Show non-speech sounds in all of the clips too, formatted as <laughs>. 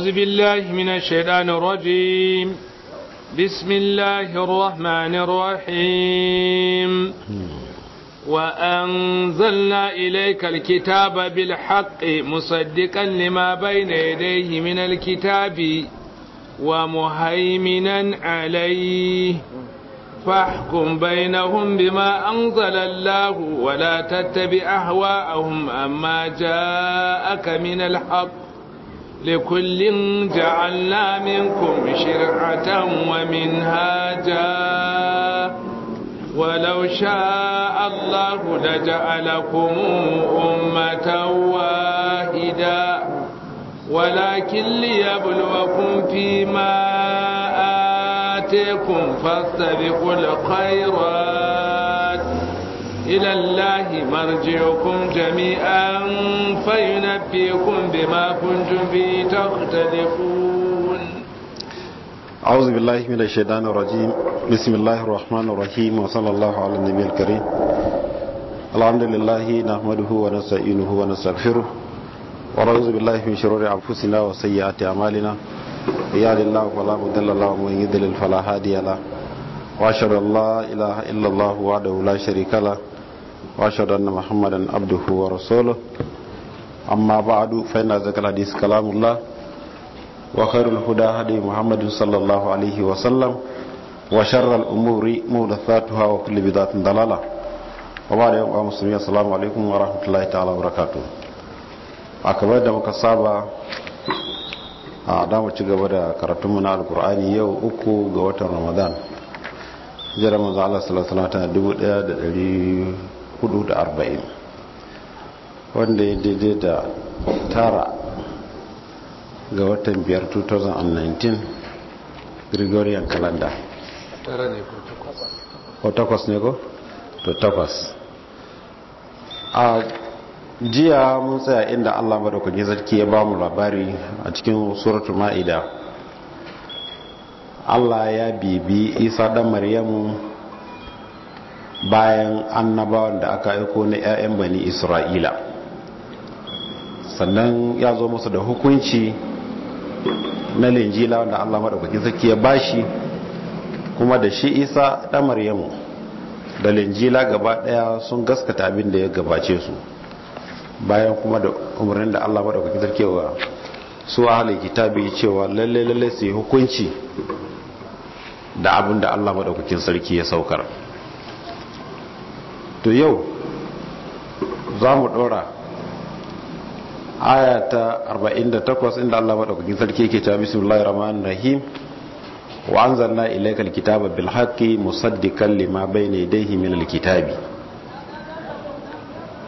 أعوذ بالله من الشيطان الرجيم بسم الله الرحمن الرحيم وأنزلنا إليك الكتاب بالحق مصدقا لما بين يديه من الكتاب ومهيمنا عليه فاحكم بينهم بما أنزل الله ولا تتبع أهواءهم أما جاءك من الحق لكل جعلنا منكم شرعة ومنهاجا ولو شاء الله لجعلكم أمة واحدة ولكن ليبلوكم فيما آتيكم فاستبقوا الخيرات إلى الله مرجعكم جميعا فينبئكم بما كنتم فيه تختلفون أعوذ بالله من الشيطان الرجيم بسم الله الرحمن الرحيم وصلى الله على النبي الكريم الحمد لله نحمده ونستعينه ونستغفره ونعوذ بالله من شرور أنفسنا وسيئات أعمالنا يهد الله فلا مضل له ومن يضلل فلا هادي له واشهد ان لا اله الا الله وحده لا شريك له وأشهد أن محمدا عبده ورسوله أما بعد فإن أصدق الحديث كلام الله وخير الهدى هدي محمد صلى الله عليه وسلم وشر الأمور محدثاتها وكل بدعة ضلالة وبعد يوم مسلمين السلام عليكم ورحمة الله تعالى وبركاته أكبر da muka saba a damar ci gaba da karatunmu na alkur'ani yau uku ga watan ramadan jirar manzo Allah sallallahu alaihi wasallam 440 wanda ya daidai da tara ga watan 5 2019 gregorian calendar tara ne ko takwas ko takwas ne ko? to takwas a jiya mun tsaya inda allah madaukakin zarki ya ba mu labari a cikin suratul ma'ida allah ya bibi isa dan maryamu bayan annabawan da aka aiko na 'ya'yan bani isra'ila sannan ya zo musu da hukunci na linjila wanda allah maɗaukaki sarki ya bashi kuma da shi isa ɗan maryamu da linjila gaba ɗaya sun gaskata abin da ya gabace su bayan kuma da umarnin da allah maɗaukaki sarki wa su ahalin kitabi cewa lalle lalle su yi hukunci da abin da allah maɗaukakin sarki ya saukar to yau za mu dora aya ta 48 inda Allah maɗaukakin sarki yake cewa bismillahir rahmanir rahim wa anzalna ilaykal kitaba bil haqqi musaddiqan lima bayna yadayhi minal kitabi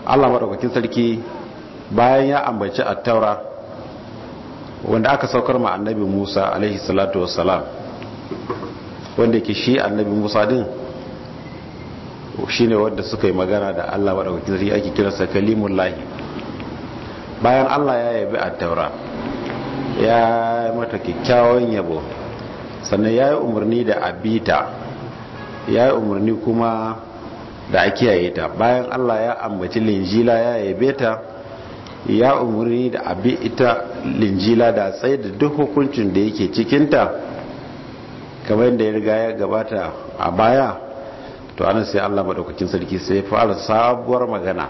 Allah madaukakin sarki bayan ya ambaci at-taura wanda aka saukar ma annabi Musa alaihi salatu wassalam wanda ke shi annabi Musa din Shi ne wadda suka yi magana da Allah madaukakin sarki ake kalimun kalimullahi bayan Allah ya yabi a taura ya yi mata kyakkyawan yabo sannan ya yi umarni da abita ya yi umarni kuma da ake kiyaye ta bayan Allah ya ambaci linjila ya yabe ta ya umarni da abita linjila da tsaye da duk hukuncin da yake cikinta kamar da ya riga ya gabata a baya to ana sai Allah madaukakin sarki sai ya fara sabuwar magana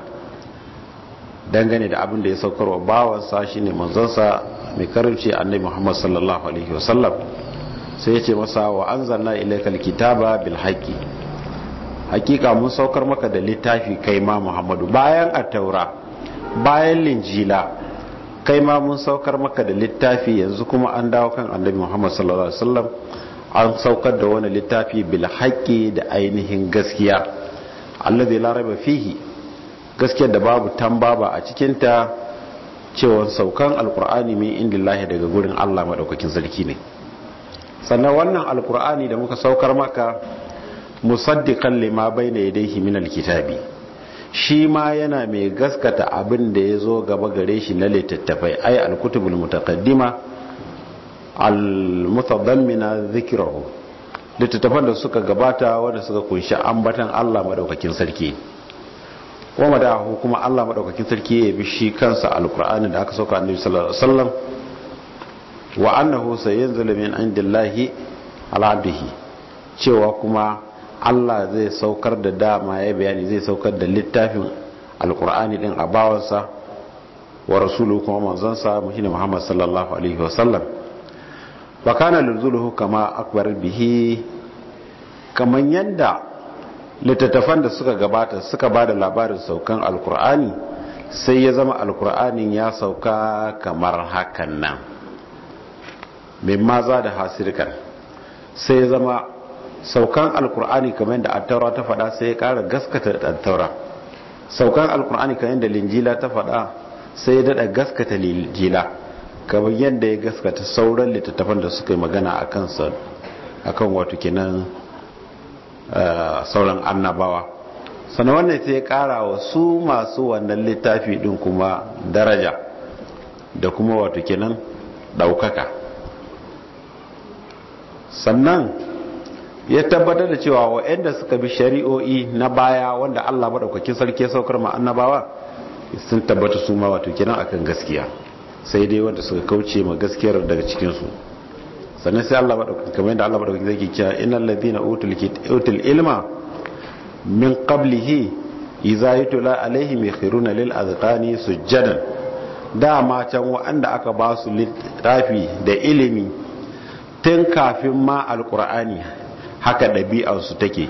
dangane da abin da ya saukarwa bawansa shine manzonsa mai karimci annabi Muhammad sallallahu alaihi wasallam sai ya ce masa wa anzalna ilayka kitaba bil haqqi hakika mun saukar maka da littafi kai ma Muhammadu bayan at-taura bayan linjila kai ma mun saukar maka da littafi yanzu kuma an dawo kan annabi Muhammad sallallahu alaihi wasallam an saukar da wani littafi bil haƙƙi da ainihin gaskiya allazi la raiba fihi gaskiyar da babu tambaba a cikin ta cewa saukan alqur'ani min indillahi daga gurin Allah madaukakin sarki ne sannan wannan alqur'ani da muka saukar maka musaddiqan lima bayna yadayhi min alkitabi shi ma yana mai gaskata abin da ya zo gaba gare shi na littattafai ai alkutubul mutaqaddima al-mutadammina littattafan da suka gabata wanda suka kunshi ambatan Allah madaukakin sarki Kuma madahu kuma Allah madaukakin sarki ya bi shi kansa alqur'ani da aka sauka annabi sallallahu alaihi wasallam wa annahu sayanzilu min indillahi ala abdihi cewa kuma Allah zai saukar da dama ya bayani zai saukar da littafin alqur'ani din a bawansa wa rasuluhu kuma manzansa muhammad sallallahu alaihi wasallam wa kana nuzuluhu kama akbar bihi kaman yanda littattafan da suka gabata suka ba da labarin saukan alkur'ani sai ya zama alkur'anin ya sauka kamar hakan nan mimma maza da hasirkar sai ya zama saukan alkur'ani kamar yadda attaura ta faɗa sai ya ƙara gaskata da attaura saukan alkur'ani kamar yadda linjila ta faɗa sai ya daɗa gaskata linjila kamar yadda ya gaskata sauran littattafan da suka yi magana a kansa akan wato kinan eh, sauran annabawa sannan wannan sai ya kara wa su masu wannan littafi din kuma daraja da kuma wato ɗaukaka. daukaka sannan ya tabbatar da cewa waɗanda suka bi shari'o'i na baya wanda Allah maɗaukakin sarki saukar wa annabawa sun tabbatar su ma wato kinan akan gaskiya sai dai wanda suka kauce ma gaskiyar daga cikinsu sannan sai Allah madaukakin kamar yadda Allah madaukakin zai kiya innal ladina utul utul ilma min qablihi idza yutla alaihim yakhruna lil azqani sujadan dama can wa'anda aka ba su littafi da ilimi tun kafin ma alqur'ani haka su take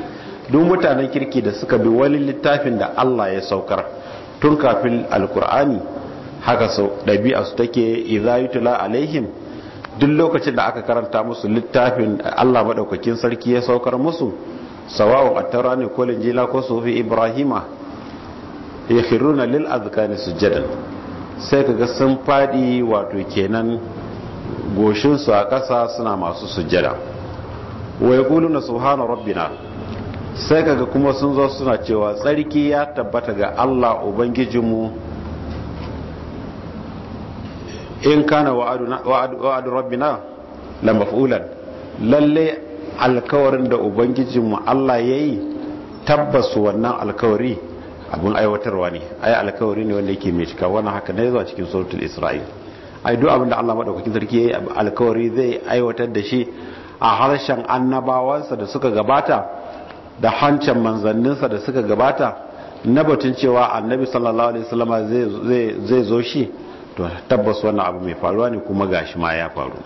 duk mutanen kirki da suka bi wani littafin da Allah ya saukar tun kafin alkur'ani haka sau ɗabi'a su take idza alaihim duk lokacin da aka karanta musu littafin Allah madaukakin sarki ya saukar musu sawa'un at-taura ne ko linjila ko sufi ibrahima na lil azkani sujadan sai kaga sun faɗi wato kenan goshin su a ƙasa suna masu sujada wa yaquluna subhana rabbina sai kaga kuma sun zo suna cewa tsarki ya tabbata ga Allah ubangijinmu in kana wa'adu rabbina la maf'ulan lalle alkawarin da ubangijin ubangijinmu Allah yayi tabbas wannan alkawari abin aiwatarwa ne ai alkawari ne wanda yake mai cika wannan haka ne zuwa cikin suratul isra'il ai duk abin da Allah madaukakin sarki yayi alkawari zai aiwatar da shi a harshen annabawansa da suka gabata da hancin manzanninsa da suka gabata na batun cewa annabi sallallahu alaihi wasallama zai zo shi to tabbas wannan abu mai faruwa ne kuma gashi ma ya faru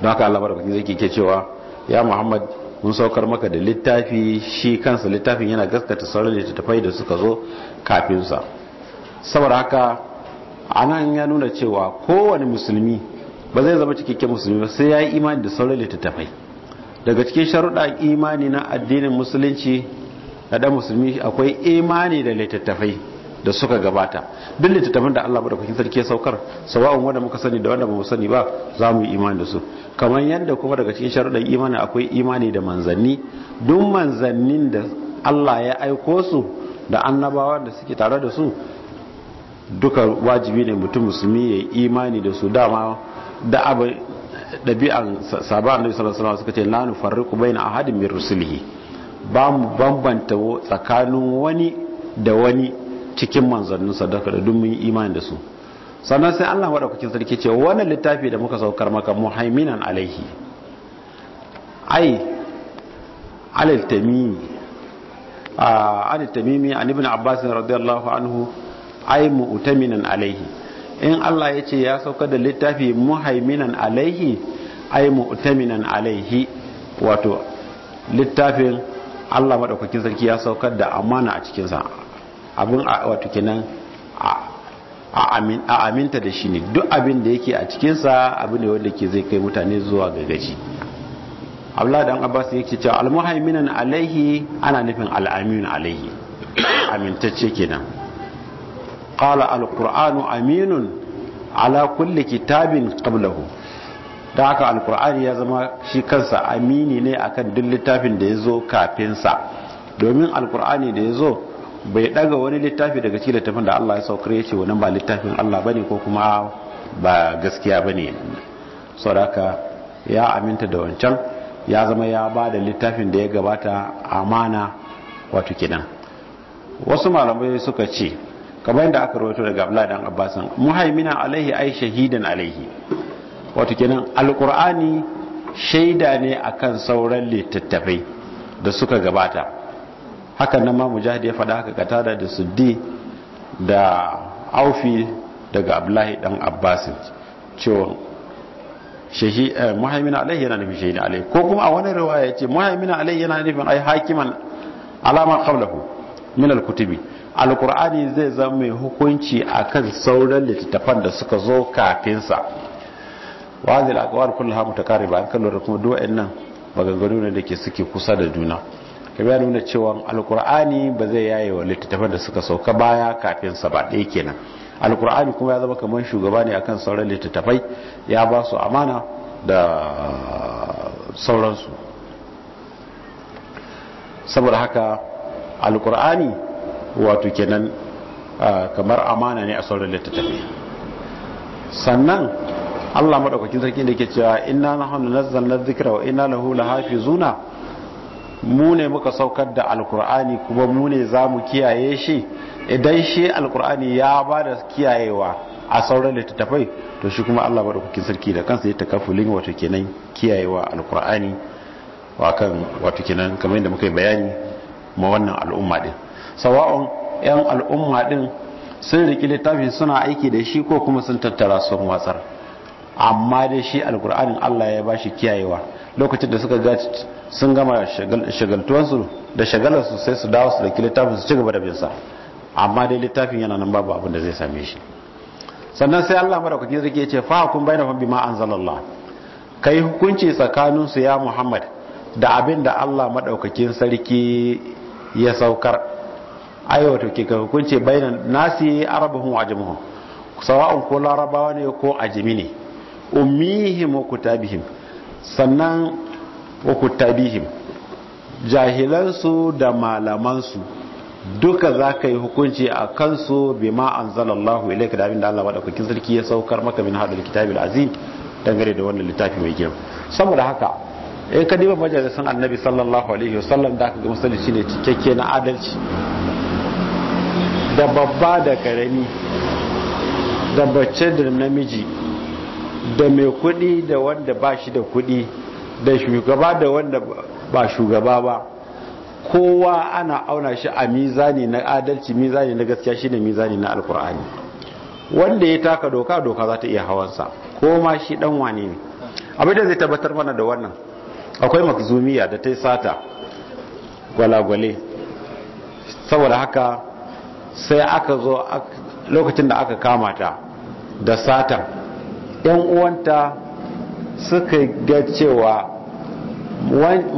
don haka Allah madaukakin zai ke cewa ya Muhammad mun saukar maka da littafi shi kansa littafin yana gaskata sauran littattafai da suka zo kafin sa saboda haka anan ya nuna cewa kowane musulmi ba zai zama cikakken musulmi ba sai ya yi imani da sauran littattafai daga cikin sharuɗa imani na addinin musulunci na dan musulmi akwai imani da littattafai da suka gabata duk littattafan da Allah madaukakin sarki ya saukar sawa'un wanda muka sani da wanda ba mu sani ba za mu yi imani da su kamar yadda kuma daga cikin sharuɗan imani akwai imani da manzanni duk manzannin da Allah ya aiko su da annabawa da suke tare da su duka wajibi ne mutum musulmi ya yi imani da su dama da abu ɗabi'an sabon annabi sallallahu alaihi suka ce la nufarriqu baina ahadin min rusulihi ba mu bambanta tsakanin wani da wani cikin manzannin sadaka da dummin imani da su sannan sai Allah kukin sarki ce wani littafi da muka saukar maka muhaiminan alaihi ai alittamimi an ibn abbas radiyallahu anhu ai mu'taminan alaihi in Allah ya ce ya saukar da littafi muhaiminan alaihi ai mu'taminan alaihi wato littafin Allah maɗaukakin sarki ya saukar da amana a cikinsa abin wato kenan a aminta da shi ne duk abin da yake a cikinsa abin ne wanda ke zai kai mutane zuwa ga gaji abdullahi dan abbas yake cewa almuhaiminan alaihi ana nufin al'amin alaihi amintacce kenan qala alqur'anu aminun ala kulli kitabin qablahu da haka alqur'ani ya zama shi kansa amini ne akan duk littafin da yazo zo kafin sa domin alqur'ani da yazo zo bai daga wani littafi daga cikin littafin da Allah ya saukar ya ce wannan ba littafin Allah bane ko kuma ba gaskiya bane saboda ya aminta da wancan ya zama ya ba da littafin da ya gabata amana wato kidan wasu malamai suka ce kamar yadda aka rawaito daga Abdullahi dan Abbasan muhaimina alaihi ai shahidan alaihi wato kenan alqur'ani shaida ne akan sauran littattafai da suka gabata hakan nan ma mujahid ya faɗa haka katada da suddi da aufi daga abdullahi dan abbasin cewa shahi eh, muhaimin alaihi yana nufin shehi alaihi ko kuma a wani riwaya ce muhaimin alaihi yana nufin ai hakiman alama qablahu min alkutubi alqur'ani zai zama mai hukunci akan sauran littattafan da suka zo kafin sa wa hadhihi alaqwal kullaha mutakariba an kallo kuma duwa wa'annan maganganu ne da ke suke kusa da juna kamar ya nuna cewa alkur'ani ba zai yaye wa littattafan da suka sauka baya kafin sa ba ɗaya kenan alkur'ani kuma ya zama kamar shugaba ne akan sauran littattafai ya ba su amana da sauransu saboda haka alkur'ani wato kenan kamar amana ne a sauran littattafai sannan Allah maɗaukakin sarki da ke cewa inna nahnu nazzalna dhikra wa inna hafi zuna. mu ne muka saukar da alkur'ani kuma mu ne za mu kiyaye shi idan shi alkur'ani ya ba da kiyayewa a sauran littattafai to shi kuma allah maɗaukakin sarki da kansa ya takafulin wato kenan kiyayewa alkur'ani kan wato kenan kamar yadda muka yi bayani ma wannan al'umma din sawa'un yan al'umma din sun riki littafin suna aiki da shi ko kuma sun tattara sun watsar amma dai shi alkur'anin allah ya ba shi kiyayewa lokacin da suka ga sun gama shagaltuwansu da shagalarsu sai su dawo su da littafin su ci gaba da binsa amma dai littafin yana nan babu abin da zai same shi sannan sai Allah madaukakin sarki ya ce fa kun bayyana ma'an bima Ka yi hukunci tsakaninsu ya Muhammad da abin da Allah maɗaukakin sarki ya saukar aiwato ke ka hukunci bai na nasi arabuhum a sawa'un ko larabawa ne ko ajimi ne ummihim wa kutabihim sannan wa kutabihim jahilansu da malamansu duka za ka yi hukunci a kansu bi ma an Allahu ilai ka damin da Allah maɗaukakin sarki ya saukar maka min haɗar kitabil azim dangare da wannan littafi mai girma saboda haka in ka diba majalisan annabi sallallahu alaihi wasallam da aka ga musulunci ne cikakke na adalci da babba da karami da bacce da namiji da mai kuɗi da wanda ba shi da kuɗi da shugaba da wanda ba shugaba ba kowa ana auna shi a mizani na adalci mizani na gaskiya shine mizani na alkur'ani wanda ya taka doka doka za ta iya hawansa ko ma shi dan wane ne abinda zai tabbatar mana da wannan akwai makzumiya da ta yi sata gwalagwale saboda haka sai aka zo lokacin da aka kama ta da sata yan uwanta suka ga cewa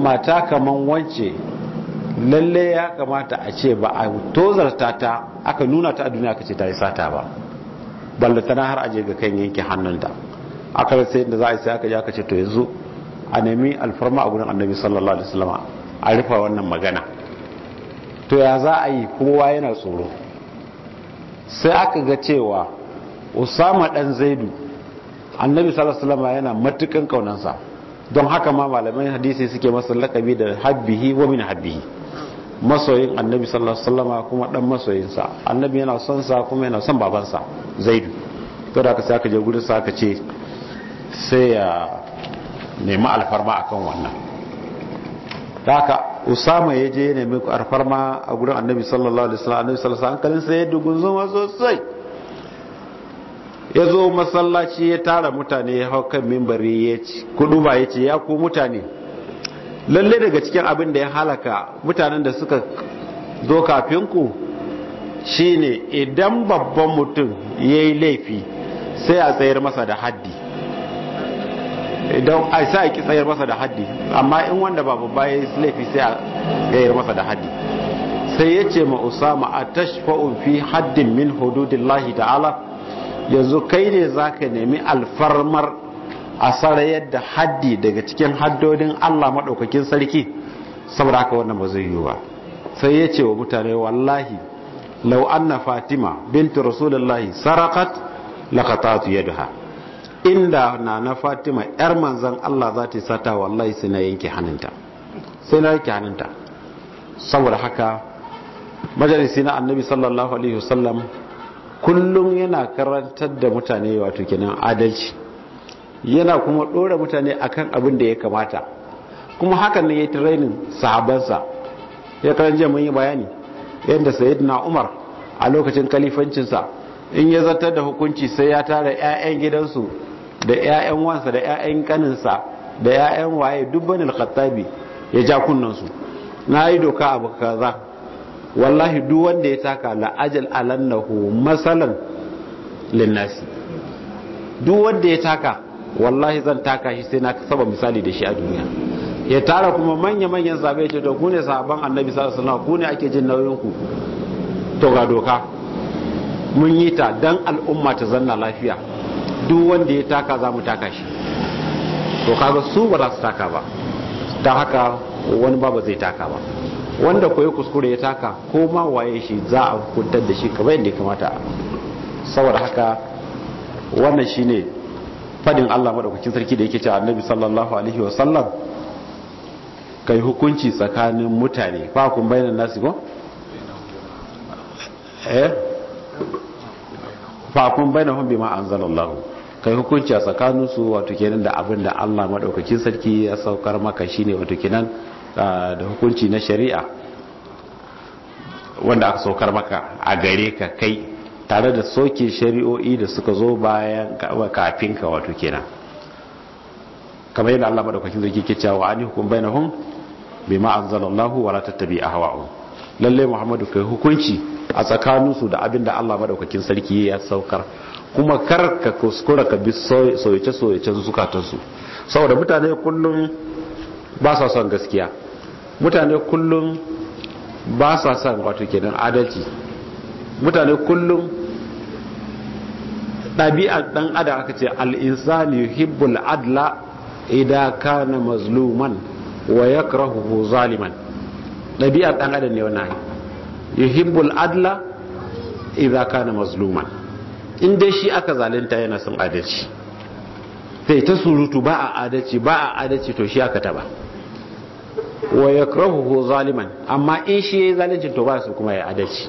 mata kamar wance lalle ya kamata a ce ba a tozarta ta aka nuna ta a duniya aka ce ta yi sata ba tana har aje ga kan yanke hannunta aka rasa yadda za a yi sai aka ji aka ce to yanzu a nemi alfarma a gurin annabi sallallahu alaihi wasallama a rufe wannan magana to ya za a yi kowa yana tsoro sai aka ga cewa usama dan zaidu annabi sallallahu alaihi wasallam yana matukan kaunansa don haka ma malaman hadisi suke masa lakabi da habbihi wa min habbihi masoyin annabi sallallahu alaihi wasallama kuma dan masoyin sa annabi yana son sa kuma yana son baban sa zaid to da ka sai ka je gurin sa ka ce sai ya nemi alfarma akan wannan haka usama ya je ya nemi alfarma a gurin annabi sallallahu alaihi wasallam annabi sallallahu alaihi wasallam hankalin sai ya dugun zuwa sosai ya zo masallaci ya tara mutane ya hau kan mimbari ya ci kudu ba ya ce ya ku mutane lalle daga cikin abin da ya halaka mutanen da suka zo kafin ku shine idan babban mutum ya yi laifi sai a tsayar masa da haddi idan a sa ki tsayar masa da haddi amma in wanda ba babba ya yi laifi sai a tsayar masa da haddi sai ya ce ma usama a tashfa'un fi haddin min hududillahi ta'ala yanzu kai ne za ka nemi alfarmar a sarayar da haddi daga cikin haddodin Allah maɗaukakin sarki saboda haka wannan ba zai yiwu ba sai ya ce wa mutane wallahi lau anna fatima bintu rasulullahi sarakat laqatatu yadaha inda na na fatima yar manzan Allah za ta sata wallahi sai na yanke hannunta sai na yanke hannunta saboda haka majalisi na annabi sallallahu alaihi wasallam kullum yana karantar da mutane wato kenan adalci yana kuma ɗora mutane akan abin da ya kamata kuma hakan ne ya yi training sahabansa ya karanje mun yi bayani yadda sayyidina umar a lokacin kalifancinsa in ya zartar da hukunci sai ya tara 'ya'yan gidansu da 'ya'yan wansa da 'ya'yan kaninsa da 'ya'yan waye dubban al ya ja kunnansu na yi doka abu kaza wallahi duk wanda ya taka la'ajal alannahu masalan linnasi duk wanda ya taka wallahi zan taka shi sai na saba misali da shi a duniya ya tara kuma manya-manyan sabai ce to ku ne annabi sallallahu alaihi wasallam ku ne ake jin nauyin ku to ga doka mun yi ta dan al'umma ta zanna lafiya duk wanda ya taka za mu taka shi to kaga su ba za su taka ba ta haka wani baba zai taka ba wanda koyi kuskure ya taka ko ma waye shi za a hukuntar da shi kamar yadda ya kamata saboda haka wannan shine fadin Allah madaukakin sarki da yake cewa Annabi sallallahu alaihi wa sallam kai hukunci tsakanin mutane fa kun bayyana nasi ko eh fa kun bayyana hum bima anzalallahu kai hukunci a tsakaninsu wato kenan da abin da Allah madaukakin sarki ya saukar maka shine wato kenan da hukunci na shari'a wanda aka saukar maka a gare ka kai tare da soke shari'o'i da suka zo bayan kafin ka wato kenan kamar yadda Allah madaukakin zai ke cewa an hukum bainahum bima anzalallahu wala tattabi ahwa'u lalle Muhammadu kai hukunci a tsakaninsu da abinda da Allah madaukakin sarki ya saukar kuma kar ka kuskura ka bi soyace soyacen zukatansu saboda mutane kullum ba sa son gaskiya mutane kullum ba sa son wato kenan adalci mutane kullum ɗabi'ar ɗan adam aka ce al'insani yuhibbul adla idan kana mazluman wa yakrahu zaliman ɗabi'ar ɗan adam ne wannan yuhibbul adla idan kana mazluman inda shi aka zalunta yana son adalci sai ta surutu ba a adalci ba a adalci to shi aka taba wa yakrahuhu zaliman amma in shi yayi zalunci to ba su kuma ya adalci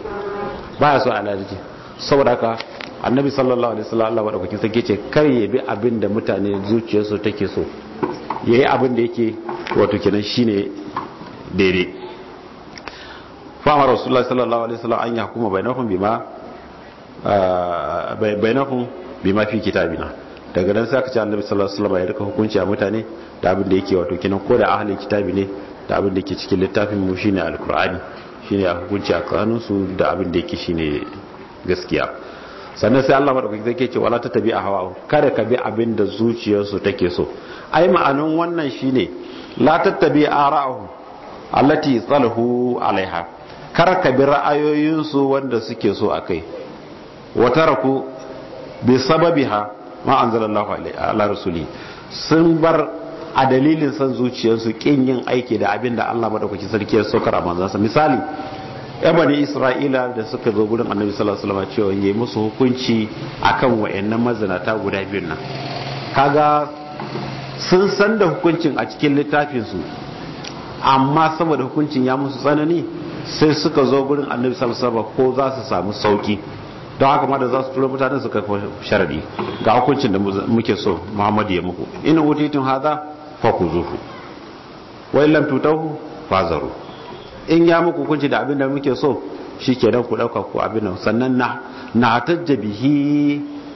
ba su adalci saboda haka annabi sallallahu alaihi wasallam Allah madaukakin sarki ce kar ya bi abin da mutane zuciyarsu take so yayi abin da yake wato kenan shine daidai fa amara rasulullahi sallallahu alaihi wasallam an yahkuma bainahum bima ah, bainahum bima fi kitabina daga nan sai aka ce annabi sallallahu alaihi wasallam ya rika hukunci a mutane da abin da yake wato kenan ko da ahlul kitabi ne da abin da ke cikin littafin mu shine alkur'ani shine ya hukunci a kanunsu da abin da yake shine gaskiya sannan sai Allah madaukaki zai ce wala ta tabi'a a hawa kada ka bi abin da zuciyarsu take so ai ma'anin wannan shine la tattabi ara'ahu allati salahu alaiha kar ka bi ra'ayoyinsu wanda suke so akai wa taraku bi sababiha ma anzalallahu ala rasuli sun bar a dalilin son zuciyarsu kin yin aiki da abin da Allah madaukaki sarki ya saukar a manzansa misali ebani isra'ila da suka zo gurin annabi sallallahu alaihi wasallam cewa yayi musu hukunci akan wayannan mazinata guda biyun nan kaga sun san da hukuncin a cikin littafin su amma saboda hukuncin ya musu tsanani sai suka zo gurin annabi sallallahu alaihi wasallam ko za su samu sauki don haka ma da za su tura mutanen su kai sharadi ga hukuncin da muke so Muhammadu ya muku in titin haza? fakuzuhu wa lam tutahu fazaru in ya muku kunci da abin da muke so shikenan ku dauka ku abin nan sannan na na tajjabihi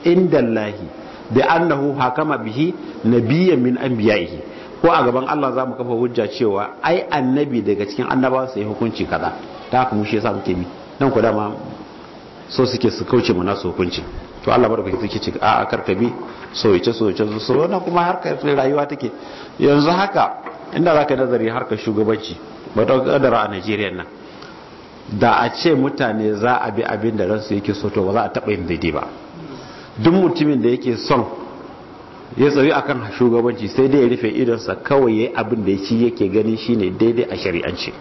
indallahi bi annahu hakama bihi nabiyyan min anbiya'ihi ko a gaban Allah za mu kafa hujja cewa ai annabi daga cikin annabawa sai hukunci kaza ta haka mu shi yasa muke bi dan ku dama so suke su kauce mu nasu hukunci. to Allah madaukaki take ce a kar ka bi soyace soyace so wannan kuma harkar rayuwa take yanzu haka inda zaka nazari harkar shugabanci ba ta kadara a Najeriya nan da a ce mutane za a bi abin da ransu yake so to ba za a taba yin daidai ba duk mutumin da yake son ya a akan shugabanci sai dai ya rufe idon sa kawai yayi abin da shi yake gani shine daidai a shari'ance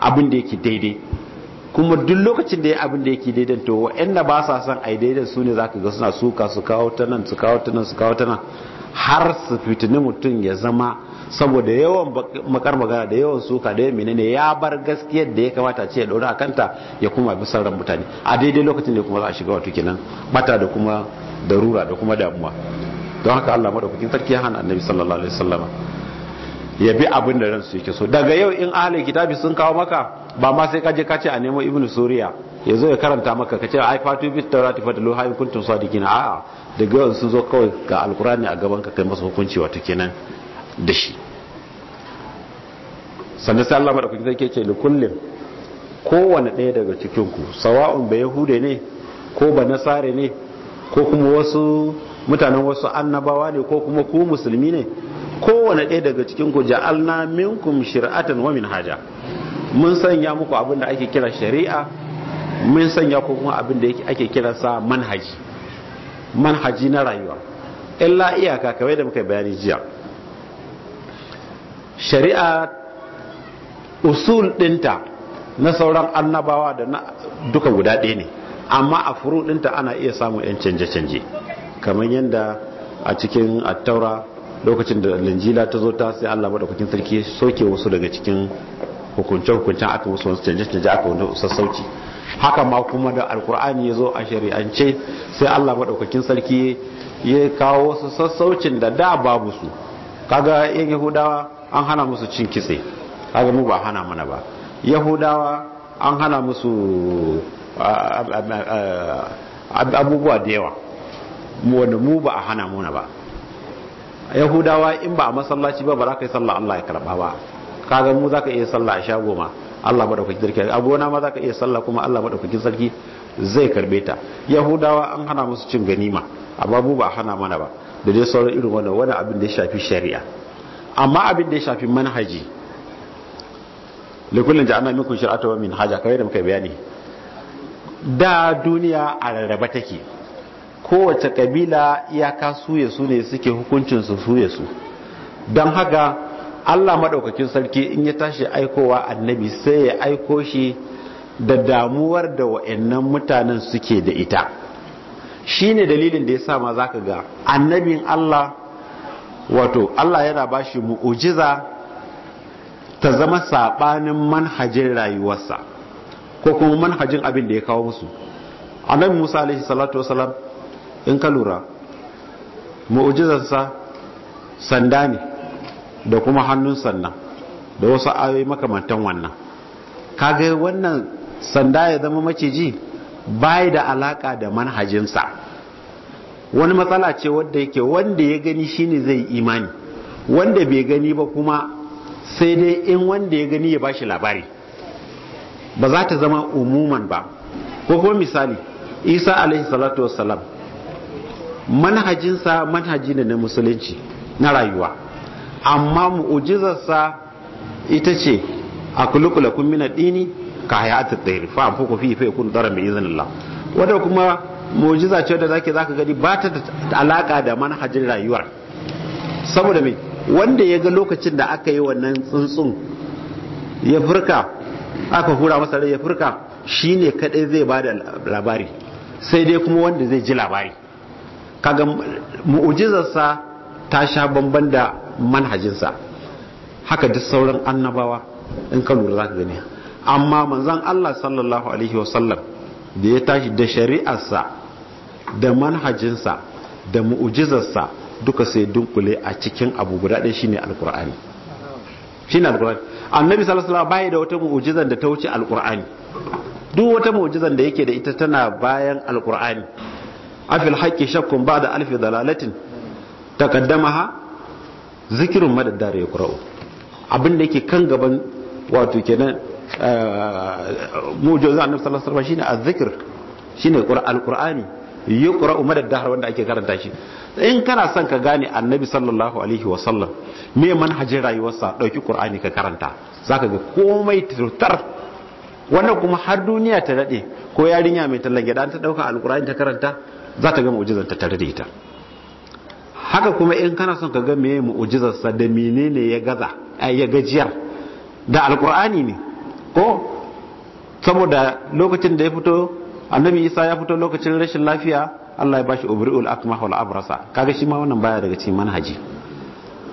abin da yake daidai kuma duk lokacin da ya abin da yake daidan to inda ba sa son yi daidan su ne ka ga suna suka su kawo ta nan su kawo ta nan su kawo ta nan har su fitini mutum ya zama saboda yawan makar magana da yawan suka da yawan menene ya bar gaskiyar da ya kamata ce ya dora kanta ya kuma bi sauran mutane a daidai lokacin da kuma za a shiga wato kenan bata da kuma darura da kuma damuwa don haka Allah madaukakin sarki ya hana annabi sallallahu alaihi wasallama ya bi abin da ransu yake so daga yau in ahalin kitabi sun kawo maka ba ma sai kaje kace a nemo ibnu suriya ya zo ya karanta maka kace ai fatu bi tawrati dalu hayy kuntum sadiqin a'a daga yau sun zo kawai ga alkurani a gaban ka kai masa hukunci wato kenan da shi sannan sai Allah madaukaki zai ce li kullin kowanne ɗaya daga cikin ku sawa'un ba yahude ne ko ba nasare ne ko kuma wasu mutanen wasu annabawa ne ko kuma ku musulmi ne kowane ɗaya daga cikin ku ja'alna minkum shir'atan wa minhaja mun sanya muku abin da ake kira shari'a mun sanya ku kuma abin da ake kira sa manhaji manhaji na rayuwa illa iyaka kawai da muka bayani jiya shari'a usul dinta na sauran annabawa da na duka guda ɗaya ne amma a furu ɗinta ana iya samun 'yan canje-canje kamar yadda a cikin attaura lokacin da linjila ta zo ta sai Allah madaukakin sarki soke wasu daga cikin hukunce-hukuncen aka wasu wasu canje-canje aka wani sassauci haka ma kuma da alkur'ani ya zo a shari'ance sai Allah madaukakin sarki ya kawo wasu sassaucin da da babu su kaga yan yahudawa an hana musu cin kitse kaga mu ba hana mana ba yahudawa an hana musu abubuwa da yawa wanda mu ba a hana muna ba yahudawa in ba a masallaci ba ba za ka yi sallah Allah ya karba ba kaga mu za ka iya sallah a shago ma Allah madaukakin sarki a gona ma za ka iya sallah kuma Allah madaukakin sarki zai karbe ta yahudawa an hana musu cin ganima amma mu ba hana mana ba da dai sauran irin wannan wani abin da ya shafi shari'a amma abin da ya shafi manhaji likullin ana minkum ta wa haja kai da muka bayani da duniya a rarraba take kowace kabila iyaka suya su ne suke hukuncin su suye su don haka Allah maɗaukakin sarki in ya tashi aikowa annabi sai ya aiko shi da damuwar da wa'annan mutanen suke da ita Shi ne dalilin da ya sa ma ka ga annabin Allah wato Allah yana bashi mu'ujiza ta zama saɓanin manhajin rayuwarsa ko kuma manhajin abin da ya kawo musu annabi Musa alaihi salatu wasalam in ka lura mu'jizarsa sanda ne da kuma hannun sannan da wasu ayoyi makamantan wannan kaga wannan sanda ya zama maciji bai da alaka da manhajinsa wani matsala ce wadda yake wanda ya gani shine zai imani wanda bai gani ba kuma sai dai in wanda ya gani ya bashi labari ba za ta zama umuman ba ko kuma misali isa alaihi salatu wassalam manhajinsa manhaji ne na musulunci na rayuwa amma mu'ujizarsa ita ce a kulukula kun mina dini ka hayat at fa anfuku fihi fa yakunu daran bi idhnillah wanda kuma mu'jiza ce da zake zaka gani ba ta alaka da manhajin rayuwar saboda me wanda ya ga lokacin da aka yi wannan tsuntsun ya furka aka hura masa rai ya furka shine kadai zai bada labari sai dai kuma wanda zai ji labari kaga mu'ujizarsa ta sha bamban da manhajinsa haka duk sauran annabawa in ka lura zaka gani amma manzon Allah sallallahu alaihi wasallam da ya tashi da shari'arsa da manhajinsa da mu'ujizarsa duka sai dunkule a cikin abu guda ɗaya shine alqur'ani shine alqur'ani annabi sallallahu alaihi wasallam bai da wata mu'ujizar da ta wuce alqur'ani duk wata mu'ujizar da yake da ita tana bayan alqur'ani afil haƙƙi shakkun ba da alfi dalalatin ha zikirin madaddar ya abin da yake kan gaban wato kenan eh, mu'jiza annabi sallallahu alaihi wasallam shine azzikr shine alqur'ani yuqra'u madaddar wanda ake karanta shi in kana son ka gane annabi sallallahu alaihi wasallam me manhajin rayuwarsa dauki qur'ani ka karanta za ka ga komai tutar wannan kuma har duniya ta daɗe ko yarinya mai tallan gida ta al alqur'ani ta karanta za ta ga mu'ujizar ta tare da ita haka kuma in kana son ka ga meye mu'ujizar sa da menene ya gaza ya gajiyar da alqur'ani ne ko saboda lokacin da ya fito annabi isa ya fito lokacin rashin lafiya Allah ya bashi ubri'ul akmah wal abrasa kaga shi ma wannan baya daga cikin manhaji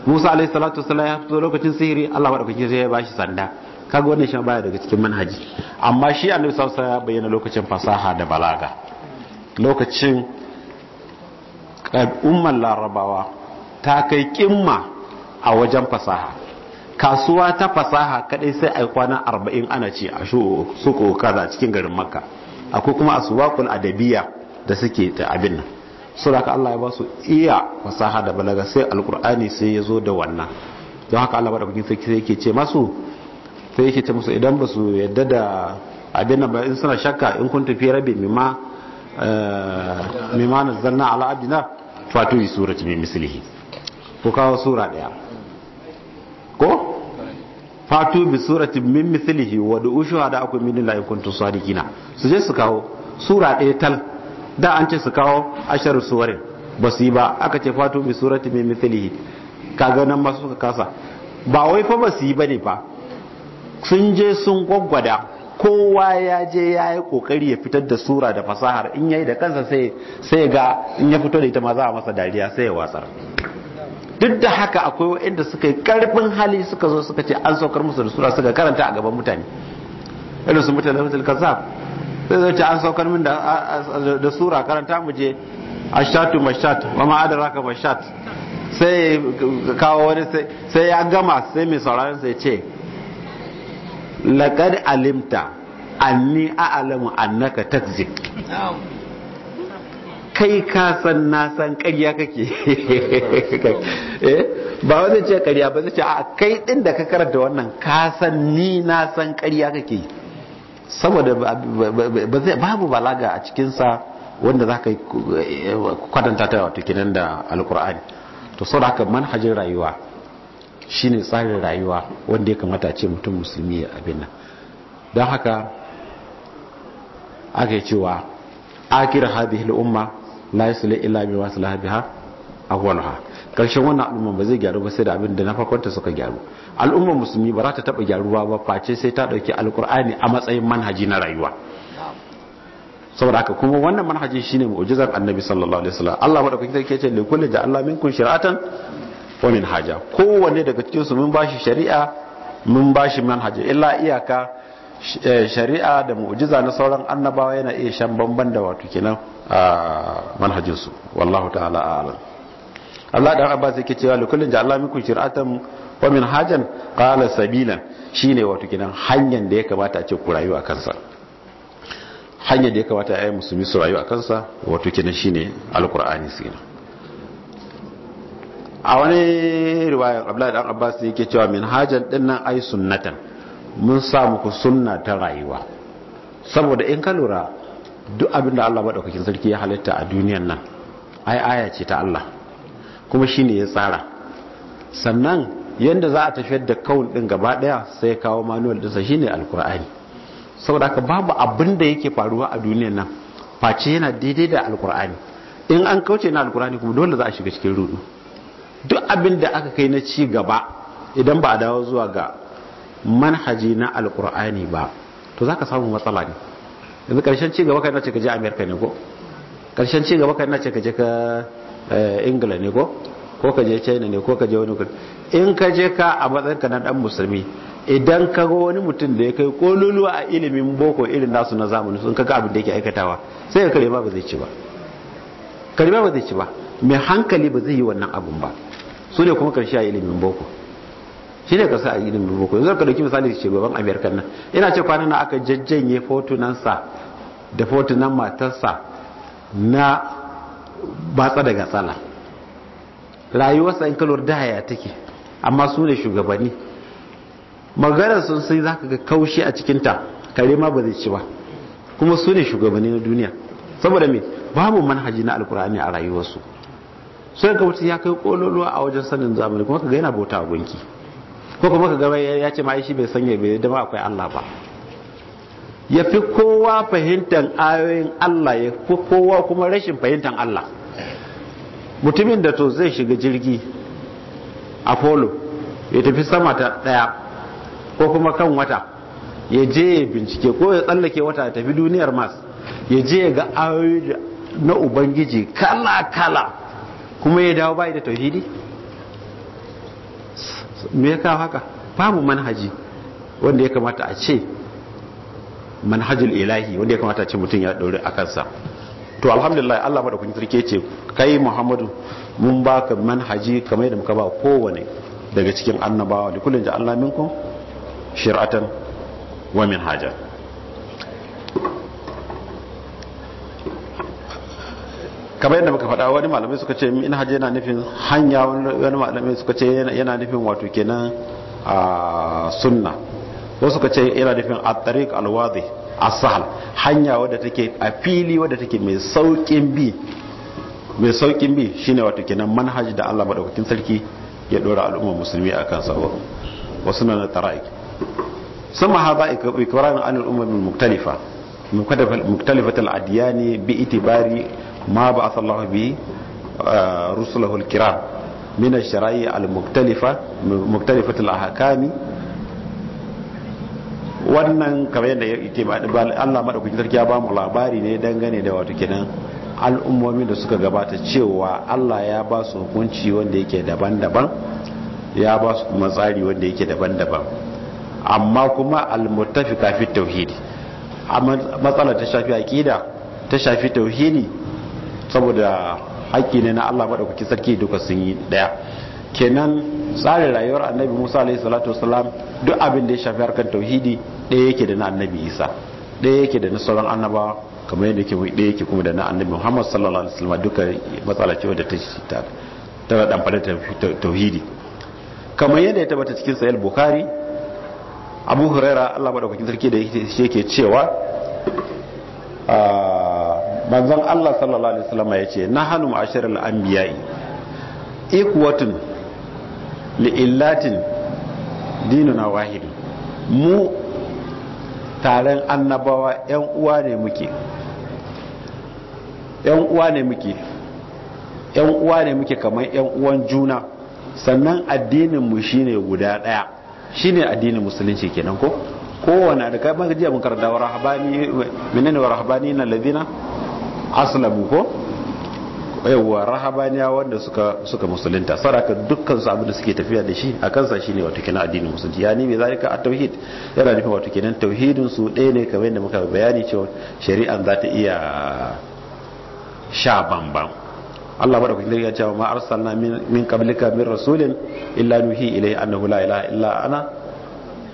Musa alaihi salatu wasallam ya fito lokacin sihiri Allah madaukakin sai ya bashi sanda kaga wannan shi baya daga cikin manhaji amma shi annabi sallallahu alaihi wasallam ya bayyana lokacin fasaha da balaga lokacin umar larabawa ta kai kimma a wajen fasaha kasuwa ta fasaha kadai sai a kwanan arba'in ana ce a suko kaza cikin garin makka akwai kuma a asuwakul adabiya da suke ta abin nan saboda haka Allah ya ba su iya fasaha da balaga sai alkur'ani sai ya zo da wannan don haka Allah da sarki sai yake ce masu sai yake ce musu idan ba su yadda da abin nan ba in suna shakka in kun tafi rabi mimma Eh, mimana zanna ala abdina fatu bi surati min mislihi ko kawo sura daya ko fatu bi surati min mislihi wa du shuhada akum min lillahi kuntum sadiqina su je su kawo sura daya tal da an ce su kawo asharu suwarin ba su yi ba aka ce fatu bi surati min mislihi kaga nan ma suka kasa ba wai fa ba su yi bane fa sun je sun gwaggwada kowa ya je ya yi kokari ya fitar da sura da fasahar in yayi da kansa sai sai ga in ya fito da ita ma za a masa dariya sai ya watsar duk da haka akwai waɗanda suka yi karfin hali suka zo suka ce an saukar musu da sura suka karanta a gaban mutane irin su mutane mutul kazzab sai zai ce an saukar min da sura karanta mu je ashatu mashat wa ma adraka mashat sai kawo wani sai ya gama sai mai sauraron sai ce laƙar alimta anni a'lamu annaka takzik kai ka san na san ƙarya kake <laughs> eh, ba wani ce ƙarya ba zai ce a kai ɗin da ka karanta wannan ka san ni na san ƙarya kake saboda babu balaga a cikinsa wanda za ka eh, kwatanta ta wato kinan da alkur'ani to sau da haka manhajin rayuwa shine tsarin rayuwa wanda ya kamata ce mutum musulmi ya abin nan don haka aka yi cewa akira yi sule ilami wasu lahabi ha a biha ha karshen wannan al'umma ba zai gyaru ba sai da abin da na farkonta suka gyaru al'ummar musulmi ba za ta taba gyaru ba face sai ta ɗauki Alƙur'ani a matsayin manhaji na rayuwa saboda haka kuma wannan manhajin shine mu'jizar annabi sallallahu alaihi wasallam Allah madaukakin sarki ya ce likulli da Allah kun shir'atan wa min haja kowanne daga cikinsu mun bashi shari'a mun bashi manhaja illa iyaka eh, shari'a da mu'jiza na sauran annabawa yana iya shan bamban da wato kenan a manhajinsu wallahu ta'ala a'lam Allah dan sai yake cewa likullin ja'alna minkum shir'atan wa min hajan qala sabilan shine wato kenan hanyar da ya kamata a ce ku rayu a kansa hanyar da ya kamata a yi musulmi su rayu a kansa wato kenan shine alqur'ani sina a wani riwaya abdullahi dan abbas ne yake cewa minhajan din nan ai sunnatan mun sa muku sunna ta rayuwa saboda in ka lura duk abinda Allah madaukakin sarki ya halitta a duniyan nan ai aya ce ta Allah kuma shine ya tsara sannan yanda za a tafiyar da kaun din gaba daya sai ya kawo manual sa shine alkur'ani saboda ka babu abin da yake faruwa a duniyan nan face yana daidai da alkur'ani in an kauce na alkur'ani kuma dole za a shiga cikin rudu duk abin da aka kai na ci gaba idan ba a dawo zuwa ga manhaji na alkur'ani ba to za ka samu matsala ne yanzu karshen ci gaba kai na ce ka je amerika ne ko karshen ci gaba kai na ce ka je ka eh, ingila ne ko ko ka je china ne ko ka je wani kudu in ka je ka a matsayin ka na dan musulmi idan ka ga wani mutum da ya kai kololuwa a ilimin boko irin nasu na zamani sun kaga abin da yake aikatawa sai ka kalima ba ba zai ci ba kalima ba ba zai ci ba mai hankali ba zai yi wannan abun ba su ne kuma karshe a ilimin boko shi ne kasa a ilimin boko yanzu ka dauki misali ce shugaban amerika nan ina ce kwanan na aka jajjanye fotunansa da fotunan matarsa na batsa daga tsala rayuwarsa in kalor da haya take amma su ne shugabanni maganar sun sai za ka ga kaushi a cikinta kare ma ba zai ci ba kuma su ne shugabanni na duniya saboda me babu manhaji na alkur'ani a rayuwarsu sai ka mutum ya kai kololuwa a wajen sanin zamani kuma ka ga yana bauta a gunki ko kuma ka gaba ya ce ma'aishi bai sanya bai da ba akwai Allah ba ya fi kowa fahimtar ayoyin Allah ya fi kowa kuma rashin fahimtar Allah mutumin da to zai shiga jirgi apollo ya tafi sama ta ɗaya, ko kuma kan wata ya je ya bincike ko ya tsallake wata ya tafi duniyar mas, ya je ya ga ayoyi na ubangiji kala kala kuma ya dawo bai da tauhidi me ya kawo haka babu manhaji wanda ya kamata a ce manhajul ilahi wanda ya kamata a ce mutum ya ɗauri a kansa to alhamdulillah Allah kun turke ce kai Muhammadu mun baka manhaji kamar da muka ba kowane daga cikin annabawa da kullun min minkum shir'atan wa minhajan kamar yadda muka faɗa wani malamai suka ce in hajji yana nufin hanya wani malamai suka ce yana nufin wato kenan a sunna wasu suka ce yana nufin a tariq alwadi a sahal hanya wadda take a fili wadda take mai saukin bi mai saukin bi shine wato kenan manhaji da Allah madaukakin sarki ya dora al'ummar musulmi akan sa wasu na na taraik sama hada ikrarin an al'ummar muktalifa muktalifatul adiyani bi itibari ما بعث الله به رسله الكرام من الشرائع المختلفة مختلفة الأحكام wannan kamar yadda ya yake Allah madaukakin sarki ya ba mu labari ne dangane da wato kenan al'ummomi da suka gabata cewa Allah ya ba su hukunci wanda yake daban-daban ya ba su kuma tsari wanda yake daban-daban amma kuma al-muttafiqa fi tauhid amma matsalar ta shafi aqida ta shafi tauhidi saboda haƙƙi ne na Allah maɗaukaki sarki duka sun yi ɗaya kenan tsarin rayuwar annabi musa alaihi salatu wasalam duk abin da ya shafi harkar tauhidi ɗaya yake da na annabi isa ɗaya yake da na sauran annabawa kamar yadda yake ɗaya yake kuma da na annabi muhammad sallallahu alaihi wasallam duka matsala ce wadda ta ci ta tana dan fada tauhidi kamar yadda ya tabbata cikin sahih bukhari abu huraira Allah madaukakin sarki da yake cewa ah, banzan Allah sallallahu alaihi wasallam ya ce na hannun ashirin al’ambiyayi ikwatun li'illatin dinuna wahidu mu taron annabawa yan uwa ne muke yan uwa ne muke yan uwa ne muke kamar yan uwan juna sannan addinin mu shine guda shi shine addinin musulunci kenan ko kowane da kai maka jiya mun karanta wa rahabani menene rahabani na ladina aslabu ko yawwa rahabaniya wanda suka suka musulunta saraka dukkan su abin da suke tafiya da shi a kansa shine wato kenan addinin musulunci yani me zalika a tauhid yana nufin wato kenan tauhidin su ɗaya ne kamar yadda muka bayani cewa shari'an za ta iya sha bambam Allah bada kuke ya cewa ma arsalna min qablika min rasulin illa nuhi ilayhi annahu la ilaha illa ana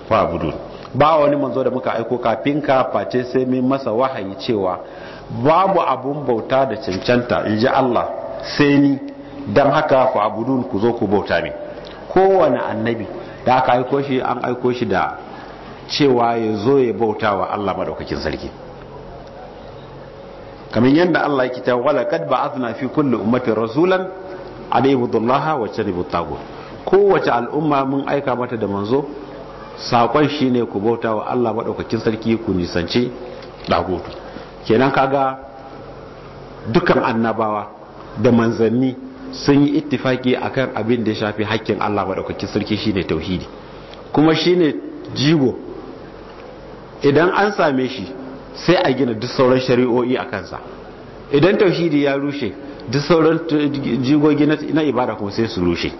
fa'budun ba wani manzo da muka aiko kafin ka face sai min masa wahayi cewa babu abun bauta da cancanta in ji Allah sai ni don haka ku abudun ku zo ku bauta ne kowane annabi da aka aiko shi an aiko shi da cewa ya zo ya bauta wa Allah madaukakin sarki kamar yadda Allah yake ta wala kad ba'athna fi kulli ummatin rasulan alayhibudullaha wa janibu tagut kowace al'umma mun aika mata da manzo shi ne ku bauta wa Allah maɗaukakin sarki ku nisanci dagutu kenan kaga dukan annabawa da manzanni sun yi ittifaki akan abin da ya shafi hakkin Allah madaukakin sarki shine tauhidi kuma shine jigo idan an same shi sai a gina duk sauran shari'o'i a kansa idan tauhidi ya rushe duk sauran jigogi na ibada kuma sai su rushe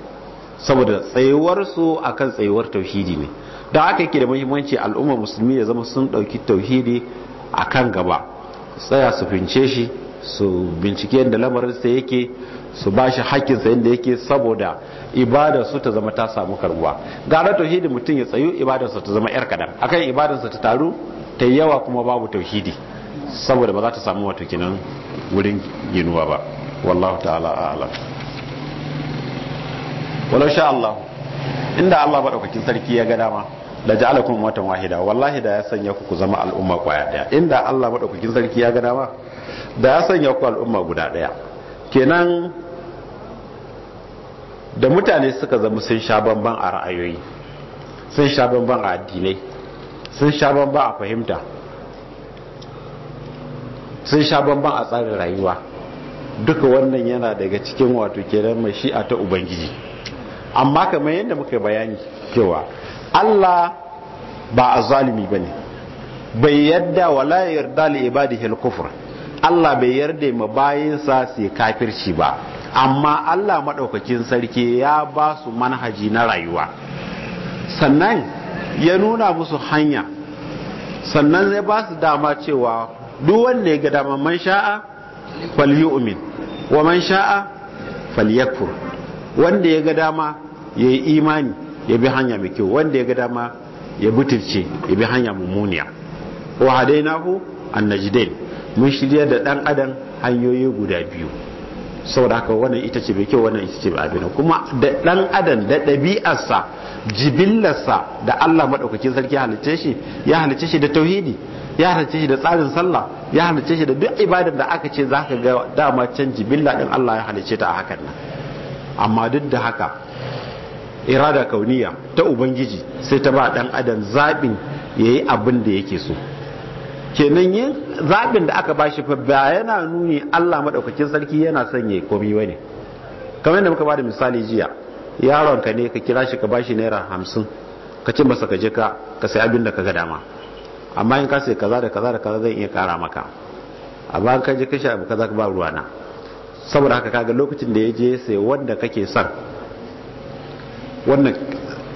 saboda tsayuwarsu akan tsayuwar tauhidi ne da haka yake da muhimmanci al'ummar musulmi ya zama sun dauki tauhidi akan gaba tsaya su fince shi su bincike yadda sa yake su ba shi haƙƙinsa yadda yake saboda ibadarsu ta zama ta samu karbuwa gara tauhidi mutum ya tsayu ibadarsa ta zama yar kadan akan ibadarsa ta taru ta yawa kuma babu tauhidi saboda ba za ta samu wato kinan wurin ginuwa ba wallahu ta'ala a'lam walau sha Allah inda Allah ɗaukakin sarki ya ga dama la ja'alakum ummatan wahida wallahi da ya sanya ku ku zama al'umma kwaya daya inda Allah madaukakin sarki ya ga dama da ya sanya ku al'umma guda daya kenan da mutane suka zama sun sha bamban a ra'ayoyi sun sha bamban a addinai sun sha bamban a fahimta sun sha bamban a tsarin rayuwa duka wannan yana daga cikin wato kenan mai shi'a ta ubangiji amma kamar yadda muka bayani cewa Allah ba a ba ne. bai yadda wala yarda li ibadihi al-kufr Allah bai yarda ma bayinsa sai kafirci ba amma Allah madaukakin sarki ya ba su manhaji na rayuwa sannan ya nuna musu hanya sannan zai ba su dama cewa duk wanda ya ga dama man sha'a falyu'min wa man sha'a falyakfur wanda ya ga dama ya yi imani ya bi hanya mai kyau wanda ya ga dama ya butirce ya bi hanya mummuniya wa hadainahu an mun shirya da dan adam hanyoyi guda biyu saboda haka wannan ita ce bai kyau wannan ita ce ba abin kuma da dan adam da dabi'arsa jibillarsa da Allah madaukakin sarki ya halicce shi ya halicce shi da tauhidi ya halicce shi da tsarin sallah ya halicce shi da duk ibadar da aka ce zaka ga dama can jibilla din Allah ya halicce ta a hakan nan amma duk da haka irada kauniya ta ubangiji sai ta ba dan adam zaɓin ya yi abin da yake so kenan yin zaɓin da aka bashi fa ba yana nuni Allah maɗaukakin sarki yana son ya komai ba ne kamar yadda muka bada misali jiya yaron ka ne ka kira shi ka bashi naira hamsin ka ce masa ka je ka ka sai abin da ka ga dama amma in ka sai kaza da kaza da kaza zan iya kara maka amma in ka je ka sha abu kaza ka ba ruwana saboda haka kaga lokacin da ya je sai wanda kake son wannan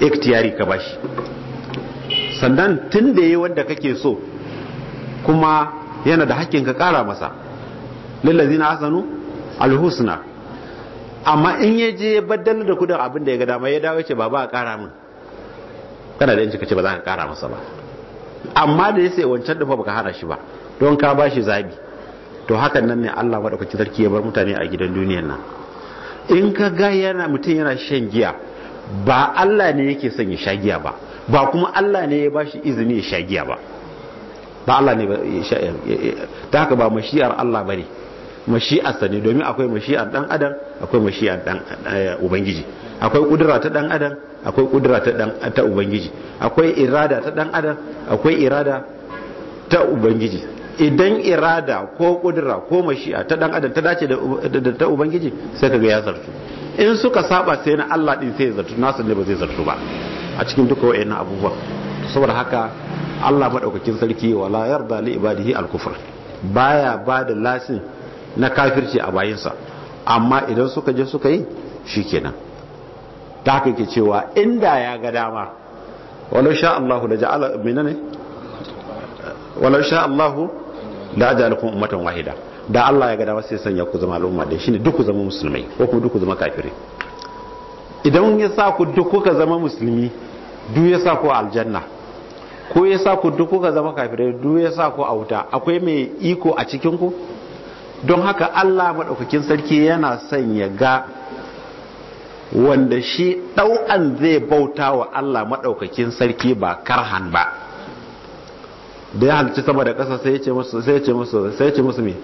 ikhtiyari ka bashi sannan tun da yi wanda kake so kuma yana da hakkin ka kara masa na hasanu alhusna amma in ya je ya baddala da kudin abin da ya gada dama ya dawo ce ba ba a kara min kana da yanci ka ce ba za ka kara masa ba amma da ya sai wancan dafa baka hana shi ba don ka ba shi zabi to hakan nan ne Allah kwanci sarki ya bar mutane a gidan duniyan nan in ka ga yana mutum yana shan giya ba Allah ne yake son ya sha giya ba ba kuma Allah ne ya bashi izini ya sha giya ba ba Allah ne ya ta haka ba mashi'ar Allah bane sa ne domin akwai mashi'ar dan adam akwai mashi'ar dan eh, ubangiji akwai kudura ta dan adam akwai kudura ta dan ta ubangiji akwai irada ta dan adam akwai irada ta ubangiji idan irada ko kudura ko mashi'a ta dan adam ta dace da ta ubangiji sai kaga ya zartu in suka saba sai na Allah din sai zartu nasu ne ba zai zartu ba a cikin duka wayannan abubuwa saboda haka Allah madaukakin sarki wala yarda li ibadihi al-kufr baya ba da lasin na kafirci a bayinsa amma idan suka je suka yi shikenan ta haka ke cewa inda ya ga dama wala sha Allah da ja'ala ne wala sha Allah la ajalakun ummatan wahida da Allah ya ga dama sai sanya ku zama al'umma da shine duk ku zama musulmai ko kuma duk ku zama kafire. idan ya sa ku duk kuka zama musulmi duk ya sa ku aljanna ko ya sa ku duk kuka zama kafire duk ya sa ku a wuta akwai mai iko a cikin ku don haka Allah madaukakin sarki yana son ya ga wanda shi dau'an zai bauta wa Allah maɗaukakin sarki ba karhan ba da ya halci sama da ƙasa sai ya ce musu sai ya ce musu sai ya ce musu me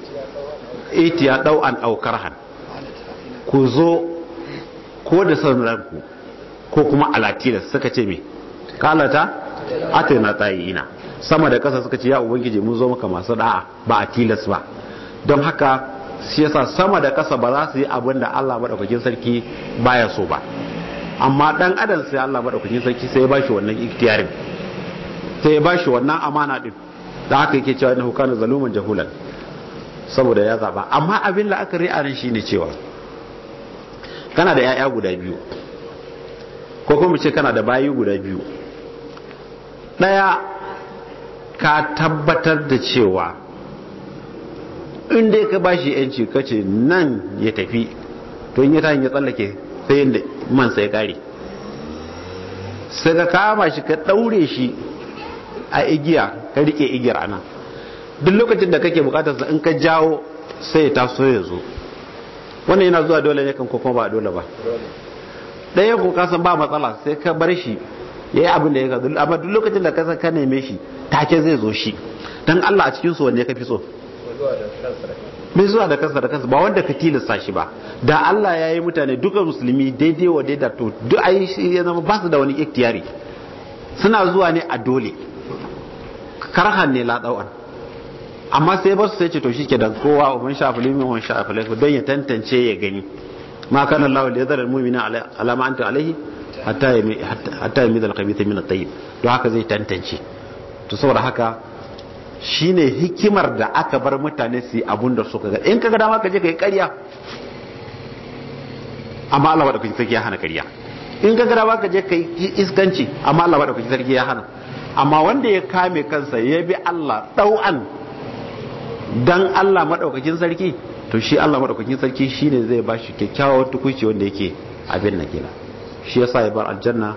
ya an dau'an han ku zo ko da son ku ko kuma alatila suka ce me kalata atina ina sama da kasa suka ce ya ubangiji mun zo maka masu da'a ba a tilas ba don haka shi yasa sama da kasa ba za su yi abin da Allah madaukakin sarki baya so ba amma dan adam sai Allah madaukakin sarki sai ya bashi wannan ikhtiyarin sai ya bashi wannan amana din da haka yake cewa inna hukana zaluman jahulan saboda ya zaba amma abin la'akari a shi ne cewa kana da 'ya'ya guda biyu ko kuma ce kana da bayi guda biyu ɗaya ka tabbatar da cewa in ka bashi yanci kace nan ya tafi to in ya tayin ya tsallake sai da man sai kare sai ka kama shi ka ɗaure shi a igiya ka rike igiyar a nan duk lokacin da kake bukatar sa in ka jawo sai ta so ya zo wannan yana zuwa dole ne kan ko kuma ba dole ba ɗaya ko san ba matsala sai ka bar shi ya yi abin da ya amma duk lokacin da ka ka neme shi take zai zo shi dan Allah a cikin su wanne ka fi so mai zuwa da kansa da kansa ba wanda ka tilasta shi ba da Allah ya yi mutane duka musulmi daidai wa daida to duk shi ya zama ba su da wani ikhtiyari suna zuwa ne a dole karhan ne la amma sai ba su sai ce to shi ke da kowa wa man shafa limin wa shafi laifin don ya tantance ya gani ma kana Allah da yadar mu'mina ala ma anta alaihi hatta ya hatta ya mi dal khabitha min at-tayyib haka zai tantance to saboda haka Shi ne hikimar da aka bar mutane su yi abun da suka ga in ka dama ka je ka yi karya amma Allah wadda kuke sarki ya hana karya. in ka dama ka je ka yi iskanci amma Allah wadda kuke sarki ya hana amma wanda ya kame kansa ya bi Allah dau'an dan Allah madaukakin sarki to shi Allah madaukakin sarki shine zai bashi kyakkyawar tukuci wanda yake abin na gina, shi yasa ya bar aljanna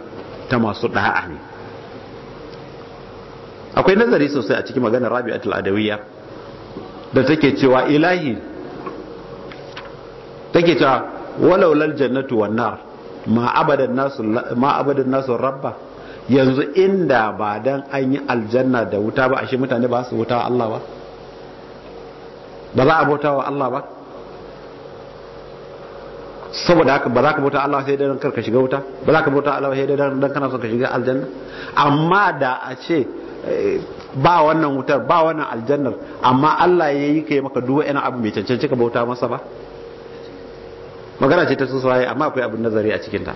ta masu da'a ne akwai nazari sosai a cikin maganar Rabi'atul Adawiyya da take cewa ilahi take cewa walau jannatu wan nar ma nasu rabba yanzu inda ba dan an yi aljanna da wuta ba ashe mutane ba su wuta Allah ba ba za a bauta wa Allah ba saboda haka ba za ka bauta Allah sai dan karka shiga wuta ba za ka bauta Allah sai dan dan kana son ka shiga aljanna amma da a ce eh, ba wannan wutar ba wannan aljannar amma Allah ya yi kai maka duwa ina abu mai cancanci ka bauta masa ba magana ce ta sosai amma akwai abin nazari a cikinta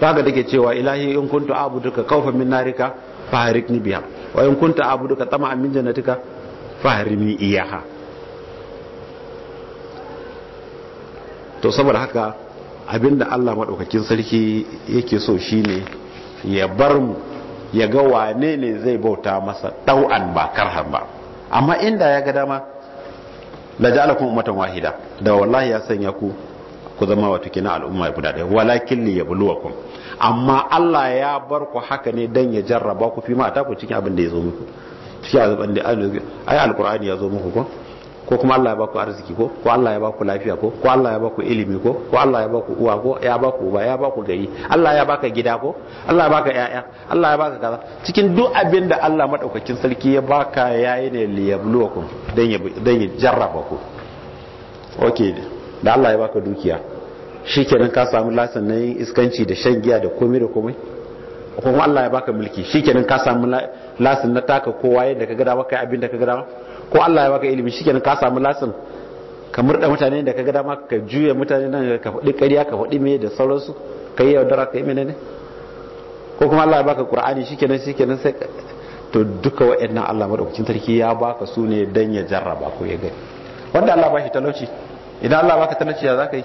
ta ga dake cewa ilahi in kuntu abuduka khawfan min narika harikni biha wa in kuntu abuduka tama'an min jannatika faharini iyaha to saboda haka abinda Allah maɗaukakin sarki yake so shine ya bar mu ya ga wane ne zai bauta masa ɗau'an ba karhan ba amma inda ya ga dama da ja'alakum wahida da wallahi ya sanya ku ku zama wa kina al'umma guda ɗaya walakin li kun amma Allah ya bar ku haka ne dan ya jarraba ku fi ma ku cikin abin da ya zo muku cikin abin da ai alqur'ani ya zo muku ko ko kuma Allah ya baku arziki ko ko Allah ya baku lafiya ko ko Allah ya baku ilimi ko ko Allah ya baku uwa ko ya baku uba ya baku gari Allah ya baka gida ko Allah ya baka ƴaƴa Allah ya baka kaza cikin duk abin da Allah madaukakin sarki ya baka yayi ne liyabluwakum dan ya dan ya jarraba ku okay da Allah ya baka dukiya shikenan ka samu lasan nan iskanci da shan giya da komai da komai kuma Allah ya baka mulki shikenan ka samu lasin na taka kowa yadda ka ga dama kai abin da ka ga ko Allah ya baka ilimi shikenan ka samu lasin ka murda mutane da kaga dama ka juya mutane nan ka faɗi ƙarya ka faɗi me da sauransu ka yi yaudara ka yi menene ko kuma Allah ya baka Qur'ani shikenan shikenan sai to duka waɗannan Allah madaukakin sarki ya baka su ne dan ya jarraba ko ya gani wanda Allah ba shi talauci idan Allah baka talauci ya zaka yi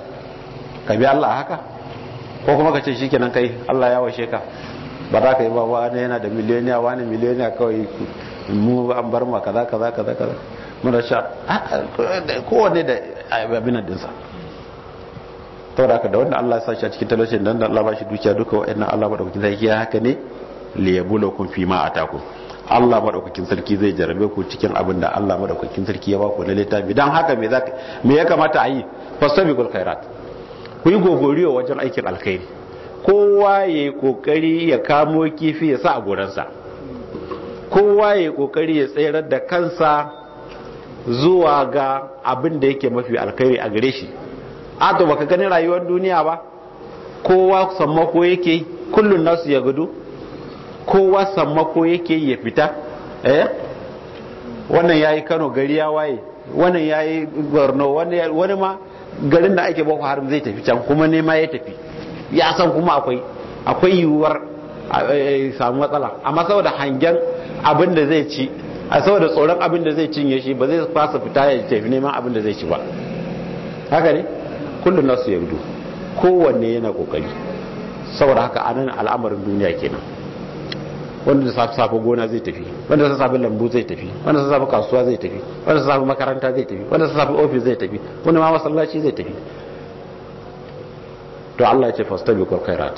ka bi Allah haka ko kuma ka ce shikenan kai Allah ya washe ka ba za ka yi ba wani yana da miliyoniya wani miliyoniya kawai mu an bar ma kaza kaza kaza kaza muna sha ah, kowanne da abin dinsa saboda haka da wanda Allah ya sa shi a cikin talaucin dan da Allah ba shi dukiya duka wa'annan Allah madaukakin sarki ya haka ne li liyabulakum fi ma ataku Allah madaukakin sarki zai jarabe ku cikin abin da Allah madaukakin sarki ya ba ku na littafi dan haka me zaka me ya kamata a yi fasabiqul khairat ku yi gogoriyo wajen aikin alkhairi kowa ya yi kokari ya kamo kifi ya sa a goransa kowa ya kokari ya tsayar da kansa zuwa ga abin da yake mafi alkhairi a gare shi a to baka gani rayuwar duniya ba kowa sammako yake kullun nasu ya gudu kowa sammako yake ya fita eh wannan yayi Kano gari ya waye wannan yayi Borno wani ma garin da ake boko haram zai tafi can kuma nema ya tafi ya san kuma akwai akwai yiwuwar eh, samu matsala amma saboda hangen abin da zai ci a saboda tsoron abin da zai cinye shi ba zai fasa fita ya tafi neman abin da zai ci ba haka ne kullum nasu gudu kowanne yana kokari saboda haka anan al'amarin duniya kenan wanda da safe safe gona zai tafi wanda da safe lambu zai tafi wanda da safe kasuwa zai tafi wanda da safe makaranta zai tafi wanda da safe ofis zai tafi wanda ma masallaci zai tafi to Allah ya ce fastabiqul khairat